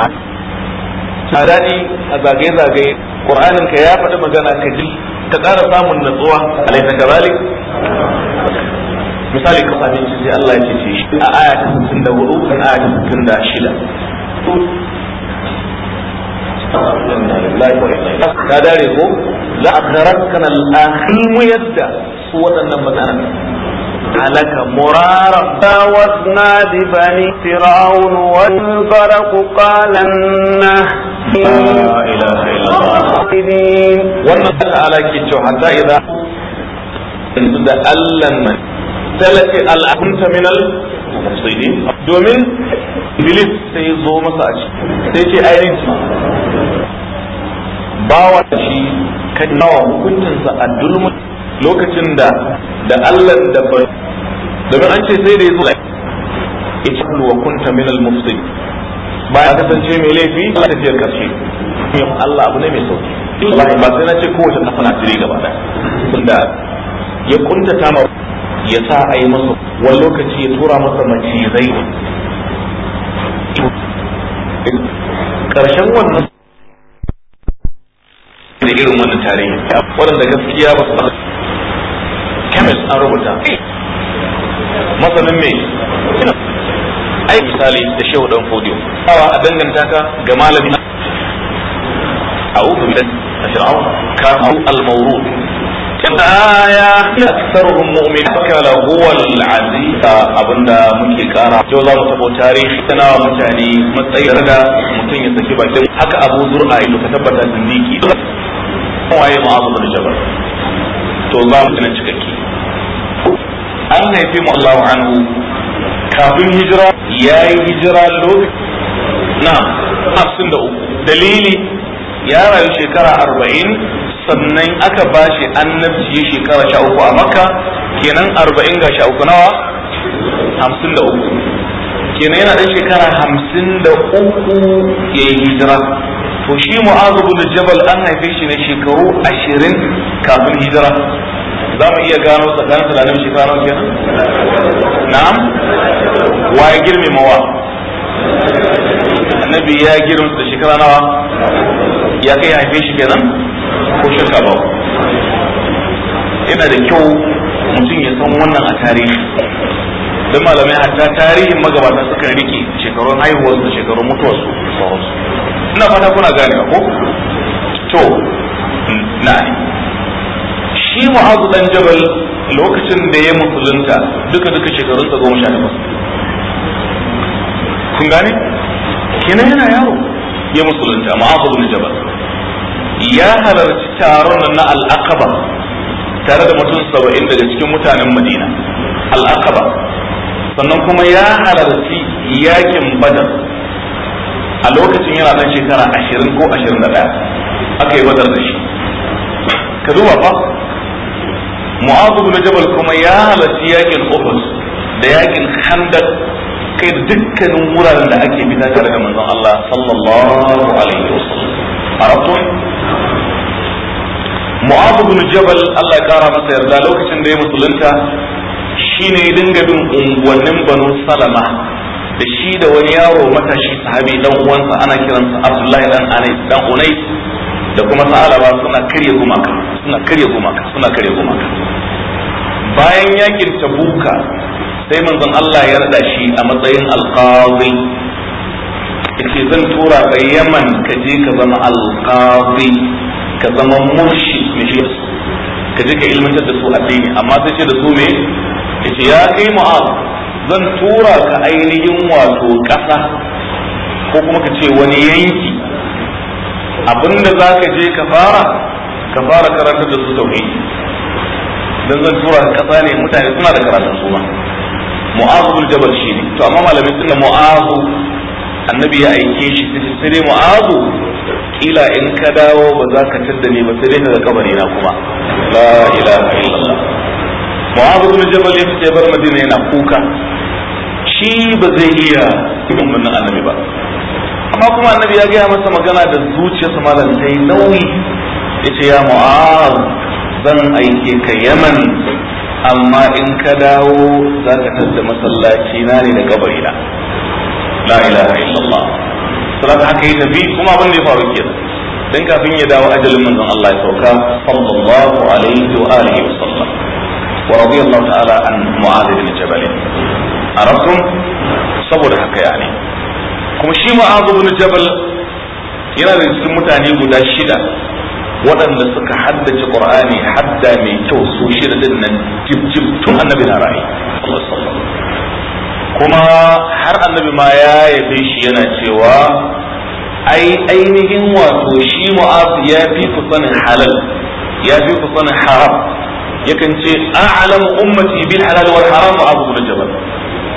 sadani a zagaye-zagaye ƙur'anin ka ya faɗi magana ka ji ka ƙara samun natsuwa a laifin gabali misali ka same shi sai Allah ya ce shi a aya ta 64 a aya ta shida ka dare ko za a kana al-akhir yadda su waɗannan mutanen هلك مرارا فوثنا ببني فرعون والفرق قال النهر لا إله إلا الله ونزل عليك حتى إذا انتد ألم تلك الأكنت من المفسدين دومين بلس سيزو مساج سيكي أين bawa shi kan nawa hukuncinsa a dulmul lokacin da da Allah da ba domin an ce sai da yazo ita wa kunta min al mufsid ba ya kasance mai laifi Allah ta jiyar karshe Allah abu ne mai sauki wallahi ba sai na ce kowace kafa na jiri gaba daya tunda ya kuntata ma ya sa a yi masa wani lokaci ya tura masa macizai ƙarshen wannan da irin wannan tarihi waɗanda gaskiya ba su ɗaga kemis an rubuta masanin me ai misali da shehu ɗan fodiyo awa a danganta ka ga malami a uku da a fir'au ka hau almauru yadda aya na sarurin mu'min baka laguwar aziza abinda muke kara yau za mu tabo tarihi tana wa mutane matsayi da mutum ya saki bakin haka abu zur'a ilu ka tabbata zindiki waye azu da jabal to ba mu tana cikakke an haifi mu Allah anhu kafin hijira yayi hijira lokaci na da uku, dalili ya rayu shekara 40 sannan aka ba shi annabci ya shekara sha uku a makka kenan arba'in ga sha uku nawa hamsin da uku kenan yana ɗan shekara hamsin da uku ya yi hijira to shi mu'azu bin jabal an haife shi ne shekaru ashirin kafin hijira za mu iya gano tsakanin tunanin shekaru kenan na'am wa ya girme mawa? annabi ya girma da shekara nawa ya kai haife shi kenan ko shakka ba yana da kyau mutum ya san wannan a tarihi don malamai hatta tarihin magabata suka rike shekarun haihuwarsu da shekarun mutuwar fata kuna gane ko to na shi mu'azu dan jabal lokacin da ya musulunta duka duka shekarun sa goma sha takwas kun gane kenan yana yaro ya musulunta mu'azu dan jabal ya halarci taron na al'aqaba tare da mutum saba'in daga cikin mutanen madina al'aqaba sannan kuma ya halarci yakin badar a lokacin yana dan shekara ashirin ko ashirin da ɗaya aka yi badar da shi ka duba fa mu'azu bin jabal kuma ya halarci yakin uhud da yakin khandaq kai dukkanin wuraren da ake bi tare da manzon Allah sallallahu alaihi wasallam arabto mu'azu bin jabal Allah ya kara masa yarda lokacin da ya musulunta shine ya dinga bin unguwannin banu salama da shi da wani yaro matashi sahabi dan uwansa ana kiransa Abdullahi dan Anais dan Unais da kuma sa'alaba suna karya gumaka suna karya gumaka suna karya gumaka bayan yakin tabuka sai manzon Allah ya rada shi a matsayin alqazi yace zan tura ka Yaman ka je ka zama alqazi ka zama murshi miji ka je ka ilmantar da su addini amma sai ce da su me yace ya kai mu'az zan tura ka ainihin wato ƙasa ko kuma ka ce wani yanki abinda za ka je ka fara ka fara karantar da su tauhidi dan zan tura ka ƙasa ne mutane suna da karatun su ma mu'azul jabal shi ne to amma malamin sunna mu'azu annabi ya aike shi sai dai mu'azu kila in ka dawo ba za ka tadda ne ba sai dai ka ga kabari na kuma la ilaha illallah mu'azu bin jabal ya fita bar madina yana kuka shi ba zai iya cikin annabi ba amma kuma annabi ya gaya masa magana da zuciyarsa malam ta yi nauyi yace ya mu'az zan aike ka yaman amma in ka dawo za ka tadda masallaci na ne da kabari na la ilaha illallah salat haka yi tafi kuma abin da ya faru kenan dan kafin ya dawo ajalin manzon Allah ya sauka sallallahu alaihi wa alihi wa sallam ورضي الله تعالى عن معاذ بن جبل أردتم صبر حكا يعني كما شي معاذ بن جبل ينا بيسكم متاني قد الشدة ودن لسك حد القرآن حد من توس وشدة جب جب تم النبي نرأي الله صلى الله كما حر النبي ما يا يبيش ينا سوى أي أينهم وتوشي معاذ يا في حلال يا في حرام yakan ce a'lamu ummati bil halal wal haram wa abu jabal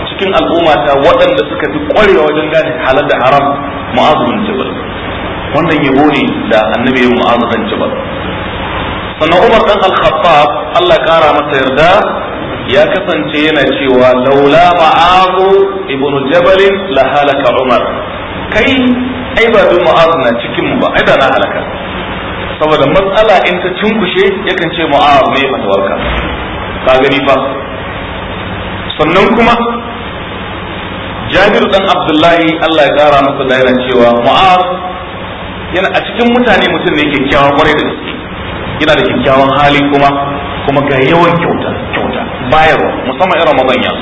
cikin al'umma ta waɗanda suka fi ƙwarewa wajen gane halal da haram mu'azu bin jabal wannan yabo ne da annabi ya mu'azu bin jabal sannan umar dan al-khattab Allah kara masa yarda ya kasance yana cewa laula ma'azu ibnu jabal la halaka umar kai ai ba bin mu'azu na cikin mu ba ai da na halaka saboda matsala in ta cunkushe yakan ce mu a me fatawarka ka gani ba sannan kuma Jabiru dan Abdullahi Allah ya kara masa da yana cewa Mu'az yana a cikin mutane mutum ne kyakkyawa kwarai da gaske yana da kyakkyawan hali kuma kuma ga yawan kyauta kyauta bayarwa musamman irin mazan ya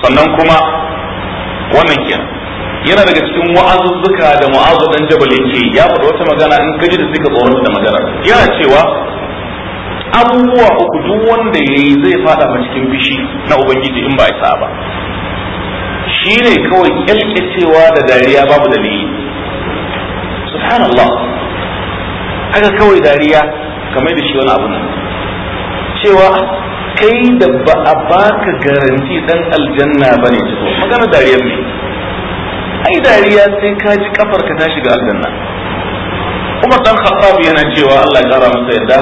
sannan kuma wannan kenan yana daga cikin wa'azuzzuka da mu'azu dan jabal yake ya faɗa wata magana in kaji da suka tsoron da magana yana cewa abubuwa uku duk wanda yayi zai fada ma cikin bishi na ubangiji in ba ya sa ba shi ne kawai kyalkyacewa da dariya babu dalili subhanallah aka kawai dariya kamar da shi wani abu nan cewa kai da ba a baka garanti dan aljanna bane ne magana dariyar ne ai dariya sai ka ji kafar ka ta shiga aljanna Umar dan Khattab yana cewa Allah ya kara masa yarda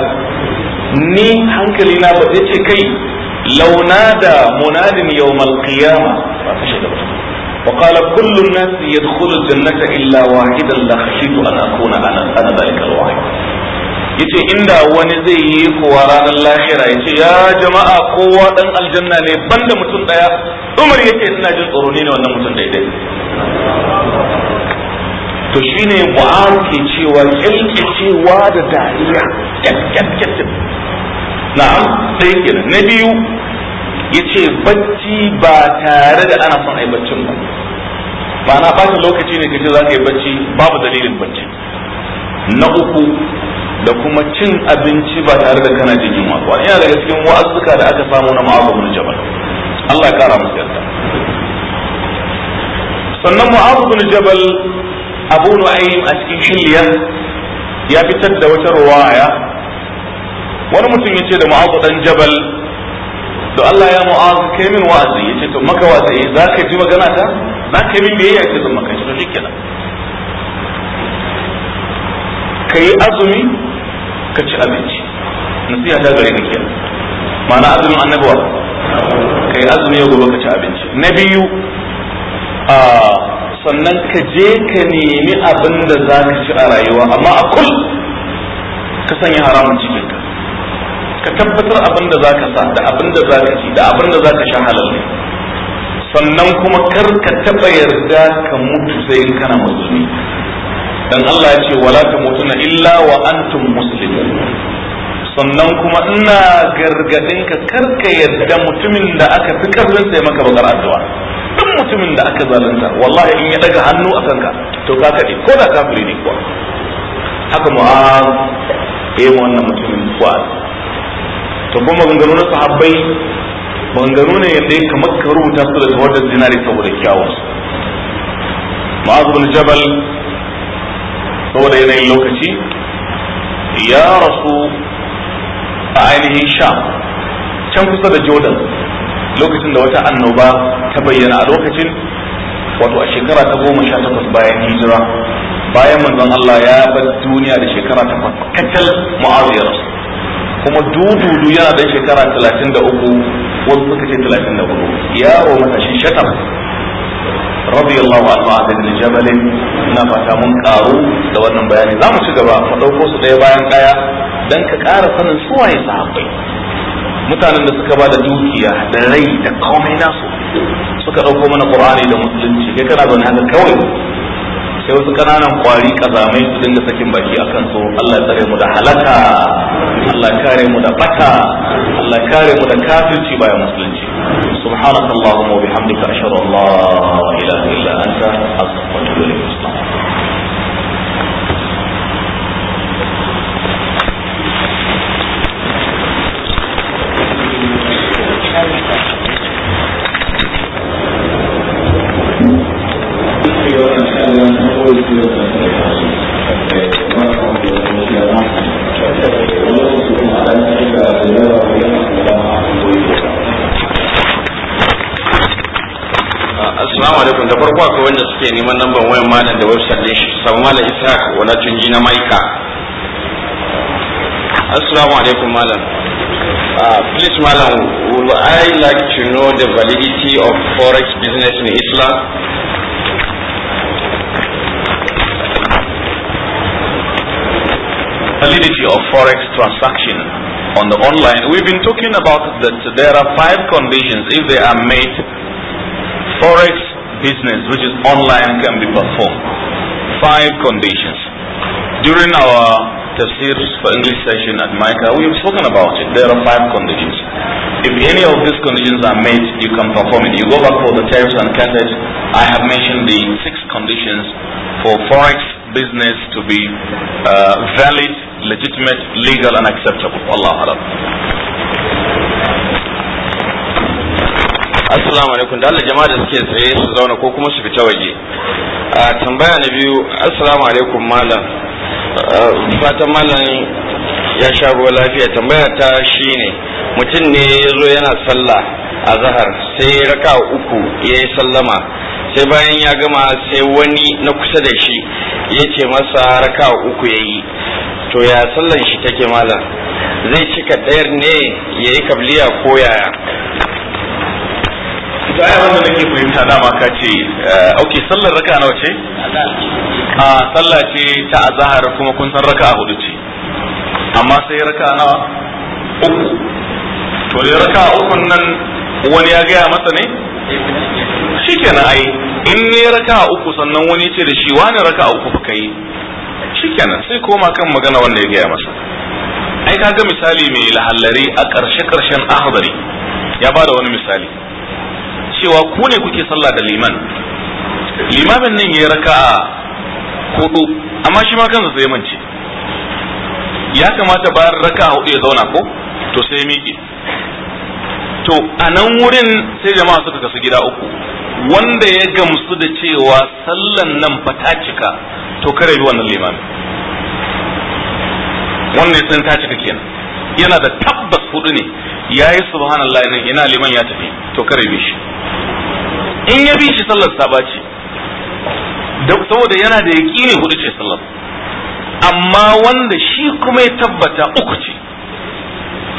ni hankali na ba ce kai launa da munadin yawmal qiyama ba ta shiga ba وقال كل jannata illa الجنة إلا واحدا لخشيت أن أكون أنا أنا ذلك الواحد yace inda wani zai yi kowa ranar lahira yace ya jama'a kowa dan aljanna ne banda mutum daya Umar yace ina jin tsoro ne wannan mutum daidai to shine Mu'az ke cewa cewa da dariya kakkakkak na'am dai kenan na biyu yace bacci ba tare da ana son ai baccin ba ma'ana ba lokaci ne kace za ka yi bacci babu dalilin bacci na uku da kuma cin abinci ba tare da kana jin yunwa ba yana daga cikin wa'azuka da aka samu na mu'azu bin jabal Allah ya kara masa yarda sannan mu'azu bin jabal abu nu'aym a cikin shiliya ya fitar da wata ruwaya wani mutum ya ce da mu'azu dan jabal to Allah ya mu'azu kai min wa'azi ya ce to maka wa'azi eh, za ka ji magana ta za ka yi min biyayya ce zan maka shi to shikenan ka yi azumi ka ci abinci nasiha ta gare ni kenan ma'ana azumin annabawa ka yi azumi ya gobe ka ci abinci na biyu a sannan ka je ka nemi abin da za ka ci a rayuwa amma a kul ka sanya haramun cikin ka ka tabbatar abin da za ka sa da abin da za ka ci da abin da za ka sha halal ne sannan kuma kar ka taɓa yarda ka mutu sai in kana mutu. dan Allah ya ce wala tamutunna illa wa antum muslimun sannan kuma ina gargadin ka karka yadda mutumin da aka fi karfin sai maka bakar addu'a duk mutumin da aka zalunta wallahi in ya daga hannu a kanka to ka kade ko da kafiri ne kuwa haka mu'az eh wannan mutumin kuwa to kuma maganganu na sahabbai maganganu ne yadda ya kamar ka rubuta su da tawadar zinari saboda kyawun ma'az bin jabal saboda yanayin lokaci ya rasu a ainihin sha. can kusa da jordan lokacin da wata annoba ta bayyana a lokacin wato a shekara ta goma sha takwas bayan hijira bayan manzon Allah ya bar duniya da shekara takwas kacal mu'awiya rasu kuma dududu yana da shekara talatin da uku wasu suka ce talatin da yaro matashin shatar. radiyallahu anhu a gadin jabalin na fata mun karu da wannan bayani za mu ci gaba mu ɗauko su ɗaya bayan ɗaya dan ka ƙara sanin su waye sahabbai mutanen da suka ba da dukiya da rai da komai nasu suka ɗauko mana qur'ani da musulunci kai kana zaune haka kawai sai wasu kananan kwari kazamai su dinga sakin baki akan su Allah ya tsare mu da halaka Allah ya kare mu da bata Allah ya kare mu da kafirci bayan musulunci subhanallahi wa bihamdika ashhadu an la ilaha illa anta astaghfiruka wa atubu ilayk Assalamu alaikum da farko akwai wanda suke neman lambar wayan malam da website din shi samu malam Ishaq wala tunji na Maika Assalamu alaikum malam uh, please malam would I like to know the validity of forex business in Islam validity of forex transaction on the online, we've been talking about that there are five conditions if they are made, forex business which is online can be performed. Five conditions. During our tafsirs for English session at Micah, we've spoken about it. There are five conditions. If any of these conditions are met, you can perform it. You go back for the tariffs and cassettes. I have mentioned the six conditions for forex business to be uh, valid legitimate, legal, and acceptable. Wallahu alam. Assalamu alaikum da Allah jama'a da suke tsaye su zauna ko kuma su fita waje. A tambaya na biyu, Assalamu alaikum malam. Fatan malam ya sha ruwa lafiya tambaya ta shine mutum ne ya zo yana sallah a zahar sai raka uku ya yi sallama sai bayan ya gama sai wani na kusa da shi ya ce masa raka uku ya yi to ya sallan shi take malam zai cika ɗayar ne ya yi kabliya ko yaya da ya wanda nake fahimta dama ka ce eh, auki sallar raka nawa ce a sallah ce ta azahar kuma kun san raka hudu ce amma sai raka nawa uku to ne raka ukun nan wani ya gaya masa ne kenan ai in ne raka uku sannan wani ce da shi wani raka uku fa kai shikenan sai koma kan magana wanda ya gaya masa ai kaga misali mai lahallari a ƙarshe ƙarshen ahdari ya bada wani misali cewa ku ne kuke sallah da liman limamin nan ya raka'a hudu amma shi ma kansa sai mance ya kamata bayan raka'a hudu ya zauna ko to sai miƙe to a nan wurin sai jama'a suka kasu gida uku wanda ya gamsu da cewa sallan nan fa ta cika to kare bi wannan limami wannan sun ta cika kenan yana da tabbas hudu ne yayi subhanallah nan ina liman ya tafi to kare bi shi in ya bi shi sallar ta bace saboda yana da yaqini hudu ce sallar amma wanda shi kuma ya tabbata uku ce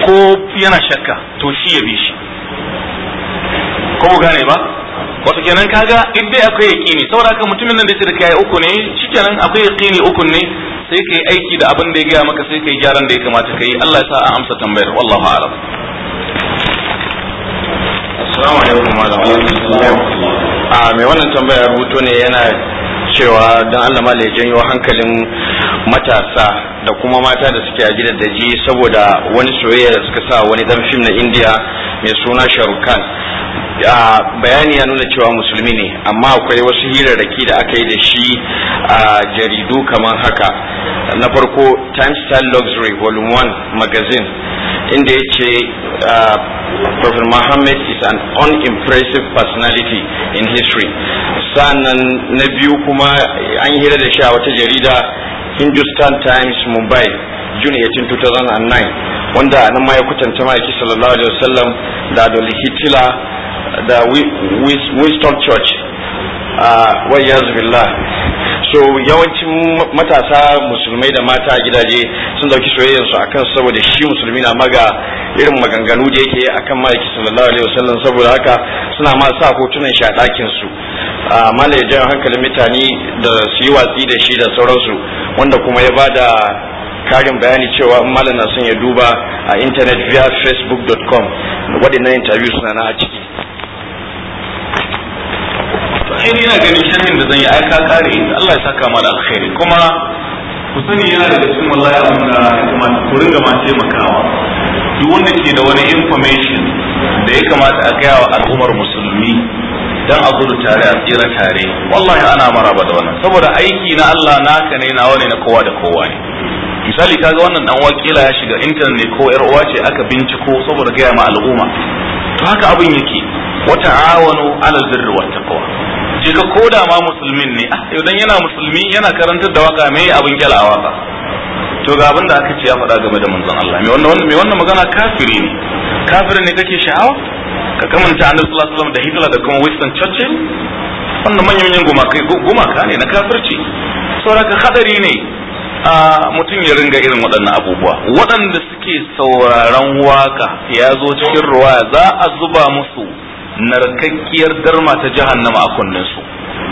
ko yana shakka to shi ya bi shi ko gane ba wato kenan kaga in dai akwai yaqini saboda haka mutumin nan da yake da kai uku ne shikenan akwai yaqini uku ne sai kai aiki da abin da ya gaya maka sai kai gyaran da ya kamata kai Allah ya sa a amsa tambayar wallahi a'lam assalamu alaikum wa rahmatullahi a mai wannan tambaya rubuto ne yana cewa don Allah ma ya janyo hankalin matasa da kuma mata da suke a gidan ji saboda wani soyayya da suka sa wani dan fim na India mai suna Sharukan bayani ya nuna cewa musulmi ne amma akwai wasu hirarraki da aka yi da shi a jaridu kamar haka na farko Times Style Luxury Volume 1 Magazine inda ya ce uh, Prophet Muhammad is an unimpressive personality in history sannan na biyu kuma an hira da shi a wata jarida Hindustan Times Mumbai June 18, 2009 wanda nan ma ya kutanta ma'aiki sallallahu alaihi wasallam da Adol Hitler da Winston Church uh, wa billah so yawancin matasa musulmai da mata gidaje sun dauki soyayyar su akan saboda shi musulmi na maga irin maganganu da yake akan ma'aiki sallallahu alaihi wasallam saboda haka suna ma sa hotunan shi a ɗakin su amma da jan hankalin mutane da su yi watsi da shi da sauransu wanda kuma ya bada karin bayani cewa in malam na son ya duba a internet via facebook.com waɗannan interview suna na a ciki to ai ina ganin sharhin da zan yi aika ka kare Allah ya saka mana alkhairi kuma ku sani yana cikin da ya ku ringa ma taimakawa wanda ke da wani information da ya kamata a gaya wa al'ummar musulmi dan a gudu tare a tsira tare wallahi ana maraba da wannan saboda aiki na Allah naka ne nawa ne na kowa da kowa ne misali kaga wannan dan wakila ya shiga intanet ne ko yar uwa ce aka binciko saboda gaya ma al'umma to haka abin yake wata ta'awanu 'alal birri wa taqwa je ka koda ma musulmin ne ah, yau idan yana musulmi yana karantar da waka me abin kyala a waka to ga abin da aka ce ya faɗa game da manzon Allah me wannan me wannan magana kafiri ne kafirin ne kake sha'awa ka kamanta annabi sallallahu alaihi da Hitler da kuma Winston Churchill wannan manyan manyan gumaka gumaka ne na kafirci saboda hadari ne a mutum ya ringa irin waɗannan abubuwa waɗanda suke sauraron waka ya zo cikin ruwa za a zuba musu narkakkiyar darma ta jahannama a su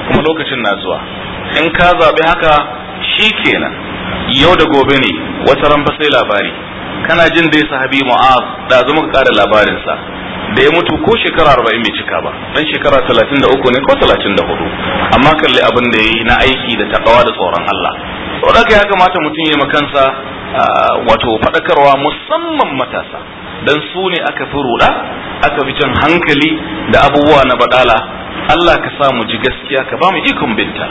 kuma lokacin na zuwa in ka zaɓi haka shi kenan yau da gobe ne wata ran sai labari kana jin dai sahabi mu'az da zama ka labarin labarinsa da ya mutu ko shekara arba'in bai cika ba dan shekara talatin ne ko talatin hudu amma kalli abin da yayi na aiki da takawa da tsoron Allah saboda ya kamata mutum ya makansa ah, wato fadakarwa musamman matasa dan su ne aka fi ruɗa aka fi jan hankali da abubuwa na badala Allah ka sa mu ji gaskiya ka ba mu ikon binta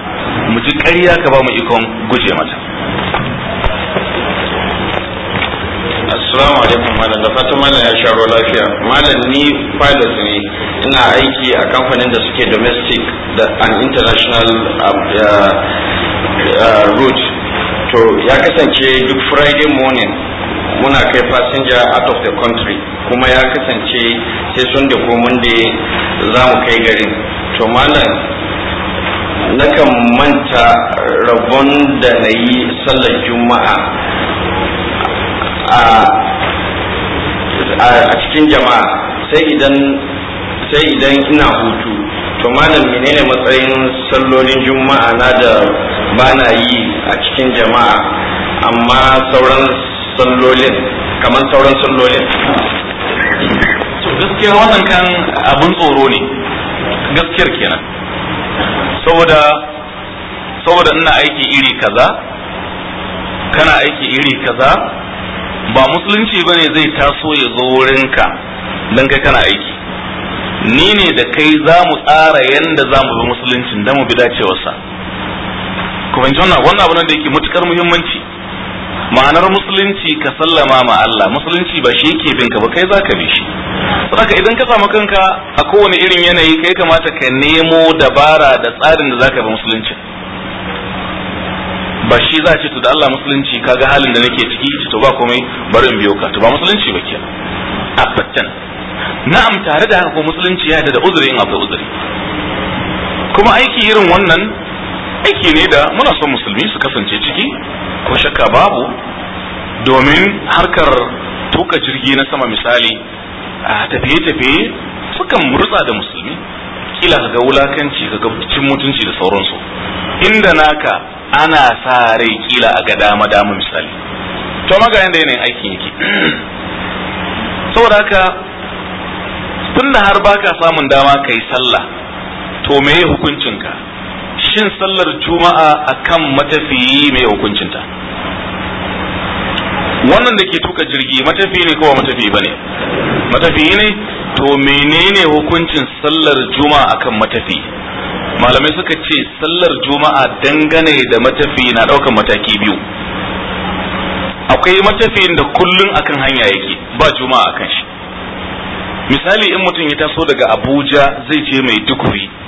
mu ji ƙarya ka ba mu ikon guje mata assalamu alaikum malam da fatan malam ya sharo lafiya malam ni pilot ne ina aiki a kamfanin da suke domestic da an international um, uh, route to ya kasance duk friday morning muna kai fasinja out of the country kuma ya kasance sai sun da komun da za mu kai garin to malam nakan manta rabon da na yi sallar juma'a a cikin jama'a sai idan sai idan ina hutu to malam menene matsayin sallolin juma'a na da bana yi a cikin jama'a amma sauran sallolin kamar sauran sallolin to gaskiya wannan kan abun tsoro ne gaskiyar kenan saboda saboda ina aiki iri kaza kana aiki iri kaza ba musulunci bane zai taso ya zo wurinka dan kai kana aiki ni ne da kai za mu tsara yadda za mu bi musuluncin da mu bi dacewarsa kuma wannan wannan abu da yake matukar muhimmanci ma'anar musulunci ka sallama ma Allah musulunci ba shi yake bin ka ba kai zaka bi shi saboda idan ka samu kanka a kowane irin yanayi kai kamata ka nemo dabara da tsarin da zaka bi musulunci ba shi za ce to da Allah musulunci kaga halin da nake ciki to ba komai bari in biyo ka to ba musulunci ba ke abbatan na'am tare da haka ko musulunci ya da uzuri in akwai uzuri kuma aiki irin wannan aiki ne da muna son musulmi su kasance ciki ko shakka babu domin harkar tuka jirgi na sama misali a tafiye-tafiye sukan murza da musulmi kila ga wulakanci ga cin mutunci da sauransu inda naka ana sa rai kila a ga dama dama misali to maga yanda yanayin aikin yake saboda haka tunda har baka samun dama kai sallah to me hukuncinka shin sallar juma'a akan matafiyi mai hukuncinta wannan da ke tuka jirgi matafiyi ne kowa matafiyi bane matafiyi ne to menene hukuncin sallar juma'a akan matafi malamai suka ce sallar juma'a dangane da matafi na daukan mataki biyu akwai matafiyin da kullun akan hanya yake ba juma'a akan shi misali in mutum ya taso daga abuja zai je mai dukuri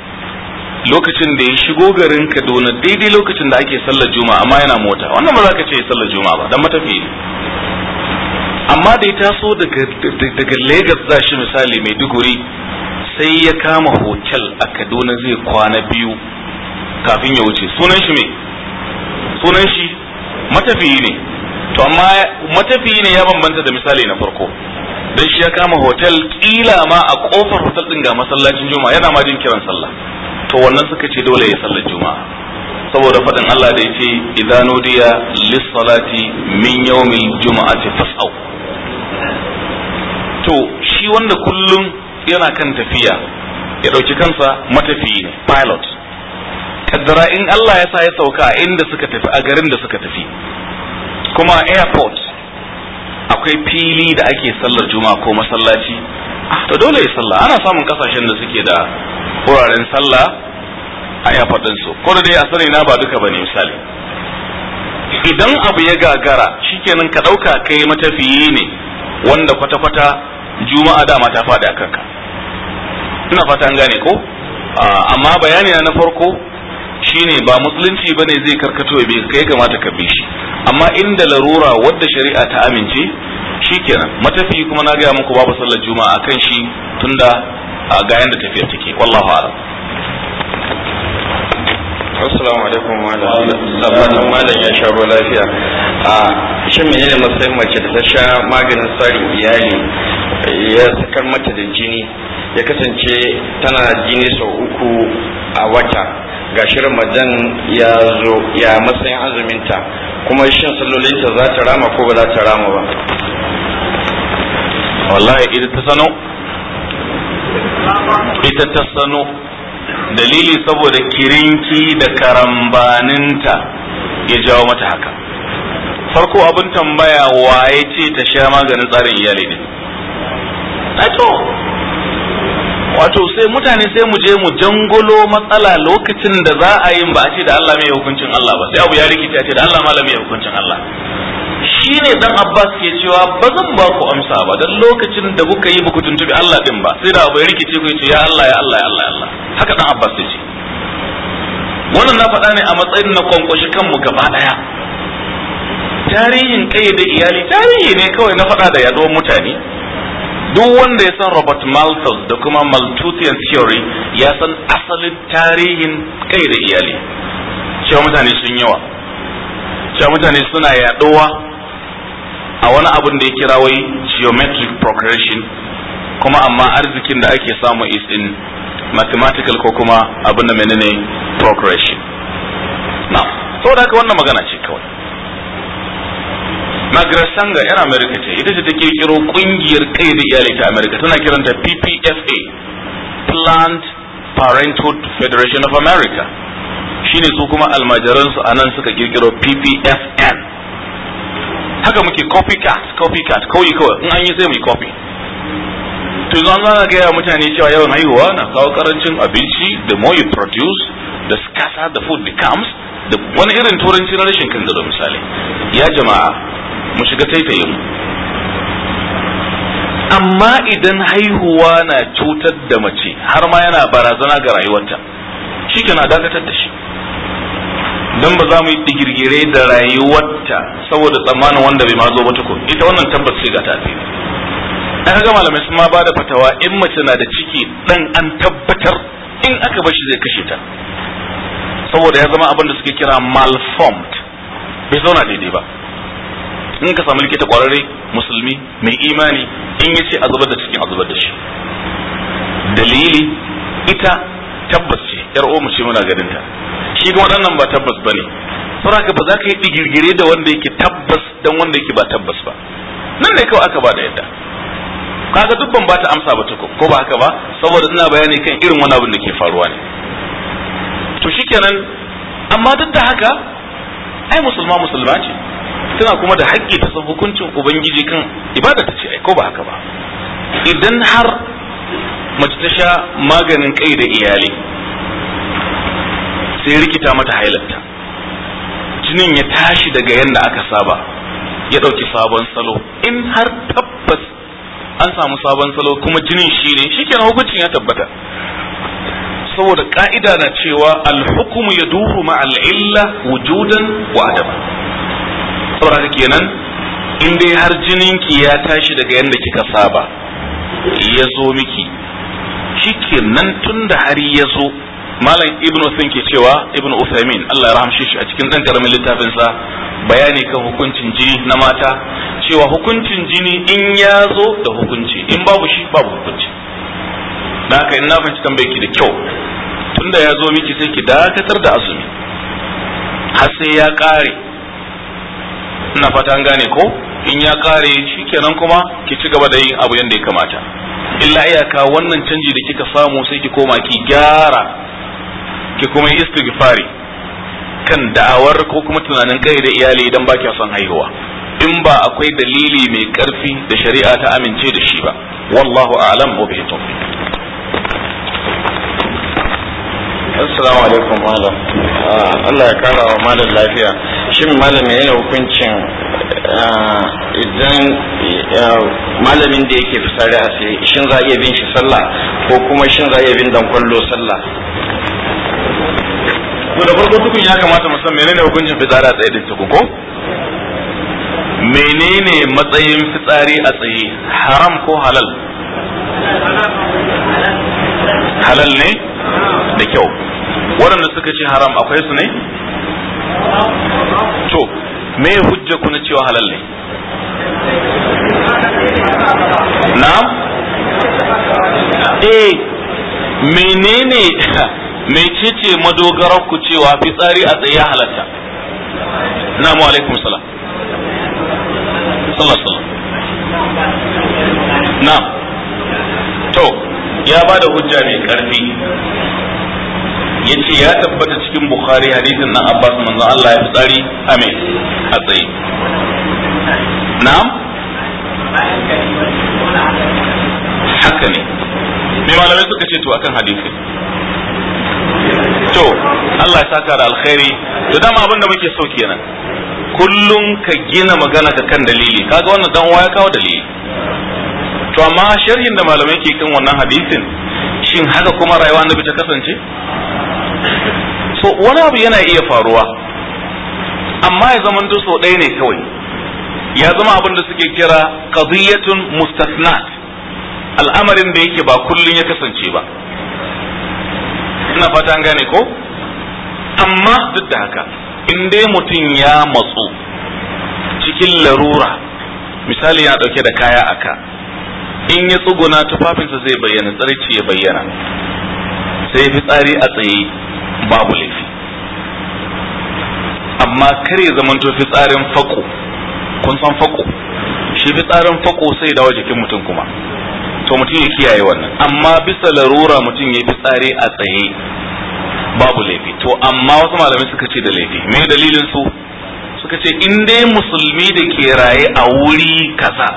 lokacin da ya shigo garin Kaduna daidai lokacin da ake sallar juma'a amma yana mota wannan ba za ka ce sallar juma'a ba dan matafi ne amma da ya taso daga daga Lagos za shi misali mai duguri sai ya kama hotel a Kaduna zai kwana biyu kafin ya wuce sunan shi me sunan shi matafiyi ne to amma matafiyi ne ya bambanta da misali na farko dan shi ya kama hotel kila ma a kofar hotel din ga masallacin juma'a yana ma jin kiran sallah to wannan suka ce dole ya sallar juma'a saboda faɗin Allah da yace idza nudiya lis salati min yawmi juma'ati fas'au to shi wanda kullum yana kan tafiya ya ɗauki kansa matafiyi ne pilot kaddara in Allah ya sa ya sauka a inda suka tafi a garin da suka tafi kuma airport akwai fili da ake sallar juma'a ko masallaci Ah, to dole ya sallah ana samun kasashen da suke da wuraren sallah a ya faɗin su ko da dai a sani na ba duka bane misali idan abu ya gagara shikenan ka ɗauka kai matafiyi ne wanda kwata-kwata juma'a dama ta faɗi a kanka ina fata an gane ko ah, amma bayani na farko shine ba musulunci bane zai karkato ya bi kai kamata ka bi shi amma inda larura wadda shari'a ta amince shikenan matafi kuma na gaya muku babu sallar juma'a kan shi tunda ga yanda tafiya take wallahu a'lam assalamu alaikum malam malam ya sha ruwa lafiya a shin menene matsayin mace da ta sha maganin tsari iyali ya sakar mata da jini ya kasance tana jini sau uku a wata shirin majan ya zo ya matsayin azuminta kuma shin sallolinta za ta rama ko ba za ta rama ba wallahi idan ta sano ita ta sano dalili saboda kirinki da karambaninta ya jawo mata haka farko abin tambaya waye ce ta sha maganin tsarin iyali ne to wato sai mutane sai mu je mu jangolo matsala lokacin da za a yin ba a ce da Allah mai hukuncin Allah ba sai abu ya rikice a ce da Allah malami ya hukuncin Allah shi ne dan Abbas ke cewa ba zan ba ku amsa ba dan lokacin da kuka yi buku tuntubi Allah din ba sai da abu ya rikice ku ce ya Allah ya Allah ya Allah ya Allah haka dan Abbas ya ce wannan na faɗa ne a matsayin na kwankwashi kanmu gaba daya tarihin kai da iyali tarihi ne kawai na faɗa da yaduwar mutane duk wanda ya san Robert Malthus da kuma Malthusian theory ya san asalin tarihin kai da iyali cewa mutane sun yawa cewa mutane suna yaduwa a wani abin da ya kira wai geometric progression kuma amma arzikin da ake samu is in mathematical ko kuma abin da menene progression na saboda haka wannan magana ce kawai Margaret Sanger yar amerika ce ita ce ta kirkiro kungiyar kai da iyali ta amerika tana kiranta PPFA Planned Parenthood Federation of America shine su kuma almajiransu su anan suka kirkiro PPFN haka muke copycat copycat kawai kawai in an yi sai mu yi copy to zan zan ga mutane cewa yawan haihuwa na kawo karancin abinci the more you produce the scarcer the food becomes wani irin turanci na rashin kan da misali ya jama'a mu shiga taitayin mu amma idan haihuwa na cutar da mace har ma yana barazana ga rayuwarta shi na dakatar da shi don ba za mu yi digirgire da rayuwarta saboda tsammanin wanda bai ma zo ba ita wannan tabbas ce ga tafi A kaga malamai sun ma ba da fatawa in mace na da ciki dan an tabbatar in aka bar shi zai kashe ta saboda ya zama abin da suke kira malformed bai zauna daidai ba in ka samu likita kwararre musulmi mai imani in ya ce a zubar da cikin a zubar da shi dalili ita tabbas ce yar mu ce muna ganin ta shi ga waɗannan ba tabbas ba ne, saboda ba za ka yi digirgire da wanda yake tabbas dan wanda yake ba tabbas ba nan ne kawai aka ba da yadda kaga duk ban bata amsa ba tukun ko ba haka ba saboda ina bayani kan irin wani abin da ke faruwa ne to shikenan amma duk da haka ai musulma musulma ce suna kuma da haƙƙi ta san hukuncin ubangiji kan ibada ta ce ko ba haka ba idan har mace ta sha maganin kai da iyali sai rikita mata hailarta jinin ya tashi daga yadda aka saba ya ɗauki sabon salo in har tabbas an samu sabon salo kuma jinin shi ne shikenan hukuncin ya tabbata saboda ƙa'ida na cewa alhukumu ya duhu ma'al'illa wujudan wa adaba saboda haka kenan in dai har jininki ya tashi daga yadda kika saba ya zo miki nan tun da har ya zo malam ibnu sun ke cewa ibnu usaimin Allah ya rahamshi shi a cikin dan karamin littafin sa bayani kan hukuncin jini na mata cewa hukuncin jini in ya zo da hukunci in babu shi babu hukunci Na haka in na fahimci tambayki da kyau tunda ya zo miki sai ki dakatar da azumi har sai ya kare ina fata an gane ko in ya kare shi kenan kuma ki ci gaba da yin abu yanda ya kamata illa iyaka wannan canji da kika samu sai ki koma ki gyara ki kuma yi istighfari kan da'awar ko kuma tunanin kai da iyali idan ba son haihuwa in ba akwai dalili mai karfi da shari'a ta amince da shi ba wallahu a'lam wa bihi tawfiq assalamu alaikum Allah ya kara wa malam lafiya shin malam yana hukuncin eh, idan malamin da yake fitsari a sai shin za a iya bin shi sallah ko kuma shin za a iya bin dan kwallo sallah ko da farko tukun ya kamata mu san menene hukuncin fitsari a tsaye din tukun ko menene matsayin fitsari a tsaye haram ko halal halal ne da kyau waɗanda suka ce haram akwai su ne to me hujja kuna cewa halal ne Na. eh menene ce madogarar ku cewa fitsari a tsaye halatta Na mu alaikum salam Salam salam. Na. to ya ba da hujja mai karfi yace ya tabbata cikin bukhari hadisin nan abbas manzo Allah ya tsari amin a tsaye na'am haka ne me malamai suka ce to akan hadisi to Allah ya saka da alkhairi to dama abin da muke so kenan kullum ka gina magana ka kan dalili kaga wannan dan uwa ya kawo dalili to amma sharhin da malamai ke kan wannan hadisin shin haka kuma rayuwa bi ta kasance so wani abu yana iya faruwa amma ya zama sau ɗaya ne kawai ya zama abin da suke kira qadiyatun mustasnat al'amarin da yake ba kullum ya kasance ba ina fata an gane ko amma duk da haka in dai mutum ya matsu cikin larura misali yana dauke da kaya aka in ya tsuguna tufafinsa zai bayyana tsarici ya bayyana sai fitsari a tsaye babu laifi amma kar ya zamanto fitsarin fako kun san fako shi fitsarin fako sai dawo jikin mutum kuma to mutum ya kiyaye wannan amma bisa larura mutum ya fitsari a tsaye babu laifi to amma wasu malamai suka ce da laifi me dalilin su suka ce in dai musulmi da ke raye a wuri kaza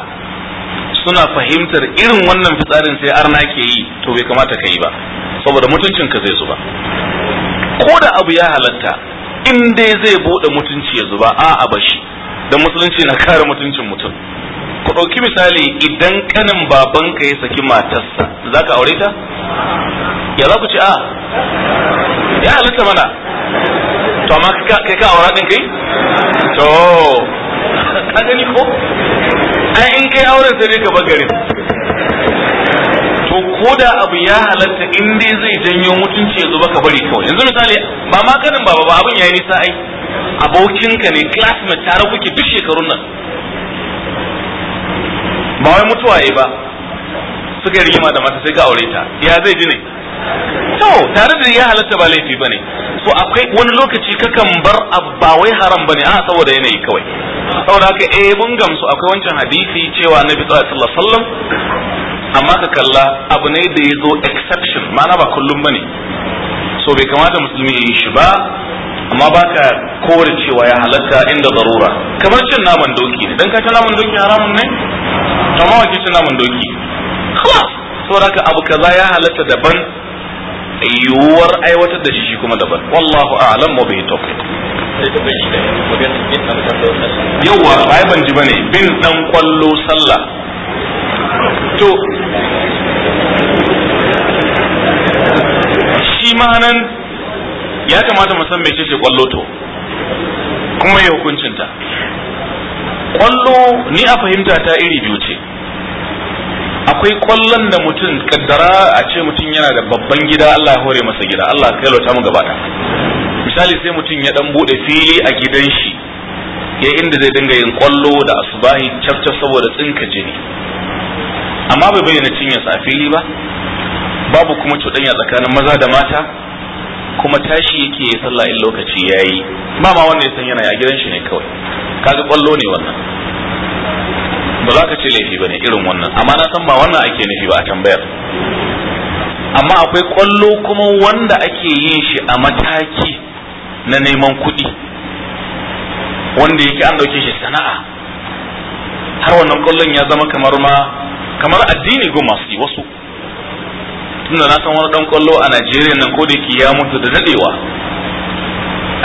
suna fahimtar irin wannan fitsarin sai arna ke yi to bai kamata ka yi ba saboda mutuncin ka zai zuba ko da abu ya halatta in dai zai bude mutunci ya zuba a'a shi, dan musulunci na kare mutuncin mutum ku ɗauki misali idan kanin babanka ya saki matarsa za ka aure ta ya za ku ci a ya halatta mana to amma kai ka aura ɗin kai to ka gani ko ai in kai auren sai ka bar garin to ko da abu ya halatta in dai zai janyo mutunci yanzu baka ka bari kawai yanzu misali ba ma kanin baba ba abin yayi nisa ai abokinka ne classmate tare kuke duk shekarun nan ba wai mutuwa ba suka rigima da mata sai ka aure ta ya zai ji ne to tare da ya halatta ba laifi bane so akwai wani lokaci kakan bar ba wai haram bane a saboda yanayi kawai saboda haka eh mun gamsu akwai wancan hadisi cewa annabi sallallahu alaihi wasallam amma ka kalla abu ne da ya zo exception ma'ana ba kullum bane so bai kamata musulmi ya yi shi ba amma baka kore cewa ya halatta inda zarura kamar cin naman doki ne dan ka ci naman doki haramun ne to ma wace cin naman doki khalas saboda ka abu kaza ya halatta daban yiwuwar aiwatar da shi kuma daban wallahu a'lam wa bihi tawfiq yauwa bai ban ji bane bin dan kwallo sallah to shi nan ya kamata mu san me ce ce kwallo to kuma ya hukuncinta kwallo ni a fahimta ta iri biyu ce akwai kwallon da mutum kaddara a ce mutum yana da babban gida Allah ya hore masa gida Allah ya kai mu gaba misali sai mutum ya dan bude fili a gidan shi ya inda zai dinga yin kwallo da asubahi cafcaf saboda tsinka jini amma bai bayyana cinyarsa a fili ba babu kuma cuɗanya tsakanin maza da mata kuma tashi yake ya sallah in lokaci yi ba ma wanda ya san yana a gidan shi ne kawai kaga kwallo ne wannan ba za ka ce laifi ba ne irin wannan amma na san ba wannan ake nufi ba a tambayar amma akwai kwallo kuma wanda ake yin shi a mataki na neman kuɗi wanda yake an ɗauke shi sana'a har wannan ƙwallon ya zama kamar ma kamar addini go masu wasu tunda na san wani ɗan ƙwallo a najeriya nan ko da yake ya mutu da daɗewa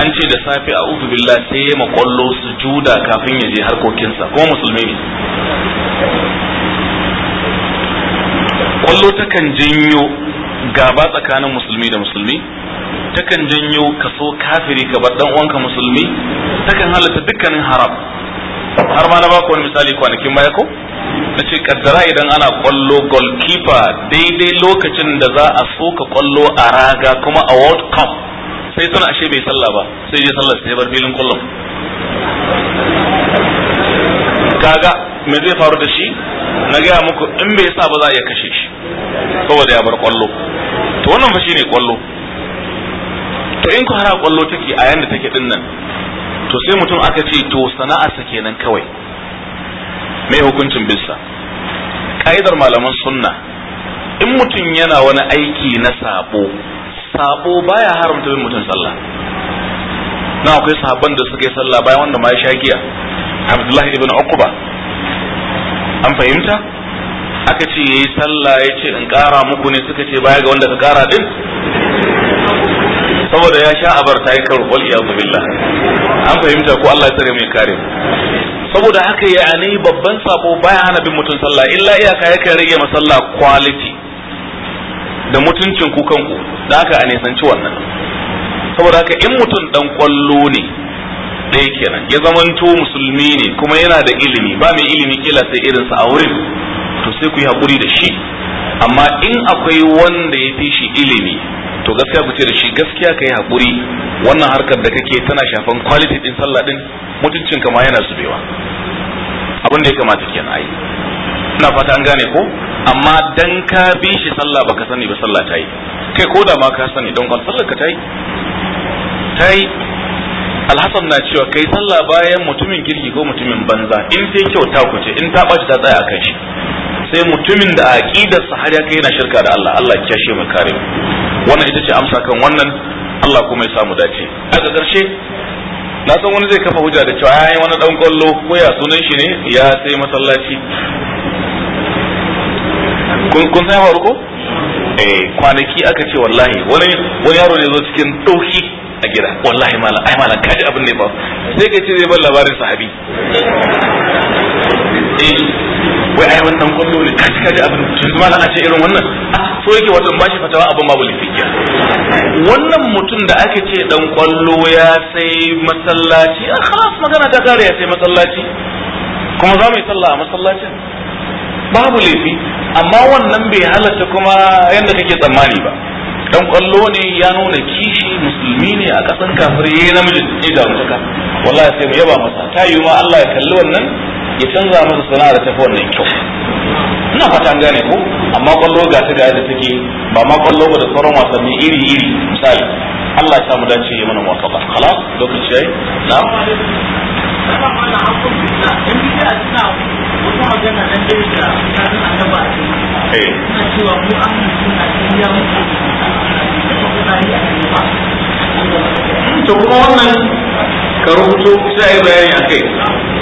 an ce da safe a uzu billah sai ya maƙwallo su juda kafin ya je harkokinsa kuma musulmi ne ƙwallo takan janyo gaba tsakanin musulmi da musulmi takan janyo kaso kafiri ka bar dan uwanka musulmi takan halatta dukkanin haram har ma na ba wani misali kwanakin baya ko na ce kaddara idan ana kwallo goalkeeper daidai lokacin da za a ka kwallo a raga kuma a world cup sai suna ashe bai sallah ba sai je sallah sai bar filin kullum kaga me zai faru da shi na gaya muku in bai sa ba za a iya kashe shi saboda ya bar kwallo to wannan fa shine kwallo to in ku hara kwallo take a yanda take din nan to sai mutum aka ce to sa kenan kawai mai hukuncin bisa ka'idar malaman sunna in mutum yana wani aiki na sabo sabo baya haramta bin mutum sallah na akwai sahabban da suka yi sallah bayan wanda ma ya sha giya abdullahi ibn uqba an fahimta aka ce yayi sallah ya in kara muku ne suka ce baya ga wanda ka kara din saboda ya sha abar ta yi karo wal iyazu billah an fahimta ko Allah ya tsare mai kare saboda haka ya ani babban sabo baya hana bin mutum sallah illa iyaka ya kai rage sallah quality da mutuncin ku kanku da haka a nisanci wannan saboda haka in mutum dan kwallo ne ɗaya kenan ya zamanto musulmi ne kuma yana da ilimi ba mai ilimi kila sai irinsa a wurin to sai ku yi haƙuri da shi amma in akwai wanda ya fi shi ilimi to gaskiya ku ce da shi gaskiya ka yi haƙuri wannan harkar da kake tana shafan quality din sallah din mutuncin ma yana zubewa abin da ya kamata kenan ai ina fata an gane ko amma dan ka bi shi sallah baka sani ba sallah ta yi kai ko da ma ka sani don kan sallar ka ta yi ta yi alhassan na cewa kai sallah bayan mutumin kirki ko mutumin banza in sai kyau ta ce in ta ɓaci ta tsaya a kan shi sai mutumin da aqidarsa har ya kai yana shirka da Allah Allah ya kyashe mu kare wannan ita ce amsa kan wannan Allah kuma ya samu dace daga ƙarshe na san wani zai kafa hujja da cewa ai wani dan kwallo ko ya sunan shi ne ya sai masallaci kun kun sai ko eh kwanaki aka ce wallahi wani wani yaro ne zo cikin dauki a gida wallahi mala ai mala kaji abin ne ba sai ka ce zai bar labarin sahabi eh. wai ai wannan kwallo ne kaji kaji abin da kuma ana ce irin wannan ah, so yake wato ba shi fatawa abin babu lafiya wannan mutum da aka ce dan kwallo ya sai masallaci a ah, khalas magana ta kare ya sai masallaci kuma za mu yi sallah a masallacin babu laifi amma wannan bai halatta kuma yadda kake tsammani ba dan kwallo ne ya nuna kishi musulmi ne a kasan kafir yayi namijin da ga mutaka wallahi sai mu yaba masa ta yi ma Allah ya kalli wannan ya canza musu sana'ar ta wannan kyau ina fata an gane ko amma kwallo ga ta da yadda take ba ma kwallo ba da sauran wasanni iri iri misali Allah ya samu dace ya mana muwafaqa khalas lokaci yayi na Eh. to kuma wannan ka rubuto sai ai bayani akai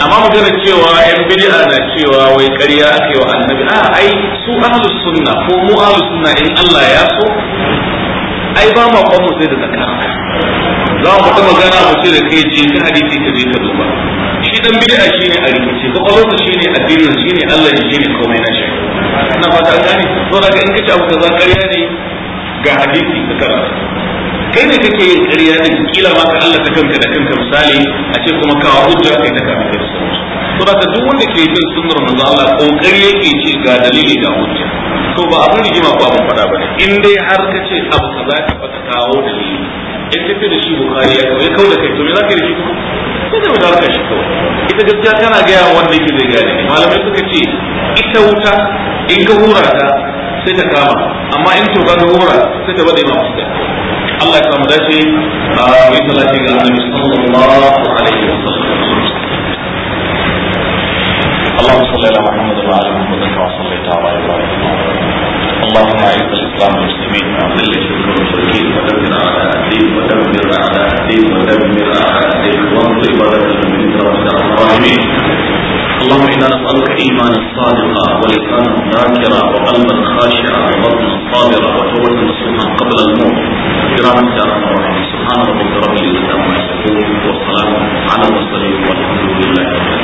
amma magana cewa yan bid'a na cewa wai ƙarya akai wa annabi a ai su ahlus sunna ko mu ahlus sunna in Allah ya so ai ba ma kwan mu sai da zakara za mu ta magana mu ce da kai je ka hadisi ka je ka duba shi dan bid'a shine a rikice ko kwalwarsa shine addinin shine Allah shine komai na shi na fata an gane to daga in kace abu kaza ƙarya ne ga hadisi ka karanta kai ne kake yin ƙarya din kila ma ka Allah ta kanka da kanka misali a ce kuma ka hujja kai ta kafin kai to da duk wanda ke bin sunnar manzo Allah kokari yake ce ga dalili ga hujja to ba abin rigima ko abin fada bane in dai har ka ce abu za ka fata kawo dalili in ka da shi bukhari ya kawai kawai da kai to me za ka yi shi kuma sai da mu ka shi ko? ita gaskiya tana gaya wanda yake zai gane malamai suka ce ita wuta in ka hura ta sai ta kama amma in to ka hura sai ta bade ma fuska Allah ya samu dace a yi salati ga Annabi sallallahu alaihi اللهم صل على محمد وعلى ال محمد كما صليت على ابراهيم اللهم اعز الاسلام والمسلمين واذل الشرك والمشركين ودمر على الدين ودمر على الدين ودمر اعداء الدين وانصر عبادك المؤمنين ربنا الظالمين. اللهم انا نسالك ايمانا صادقا ولسانا ذاكرا وقلبا خاشعا وبطنا صابرا وتوبه نصوحا قبل الموت كرام يا ارحم الراحمين سبحان ربك رب العزه عما يصفون والسلام على المرسلين والحمد لله رب العالمين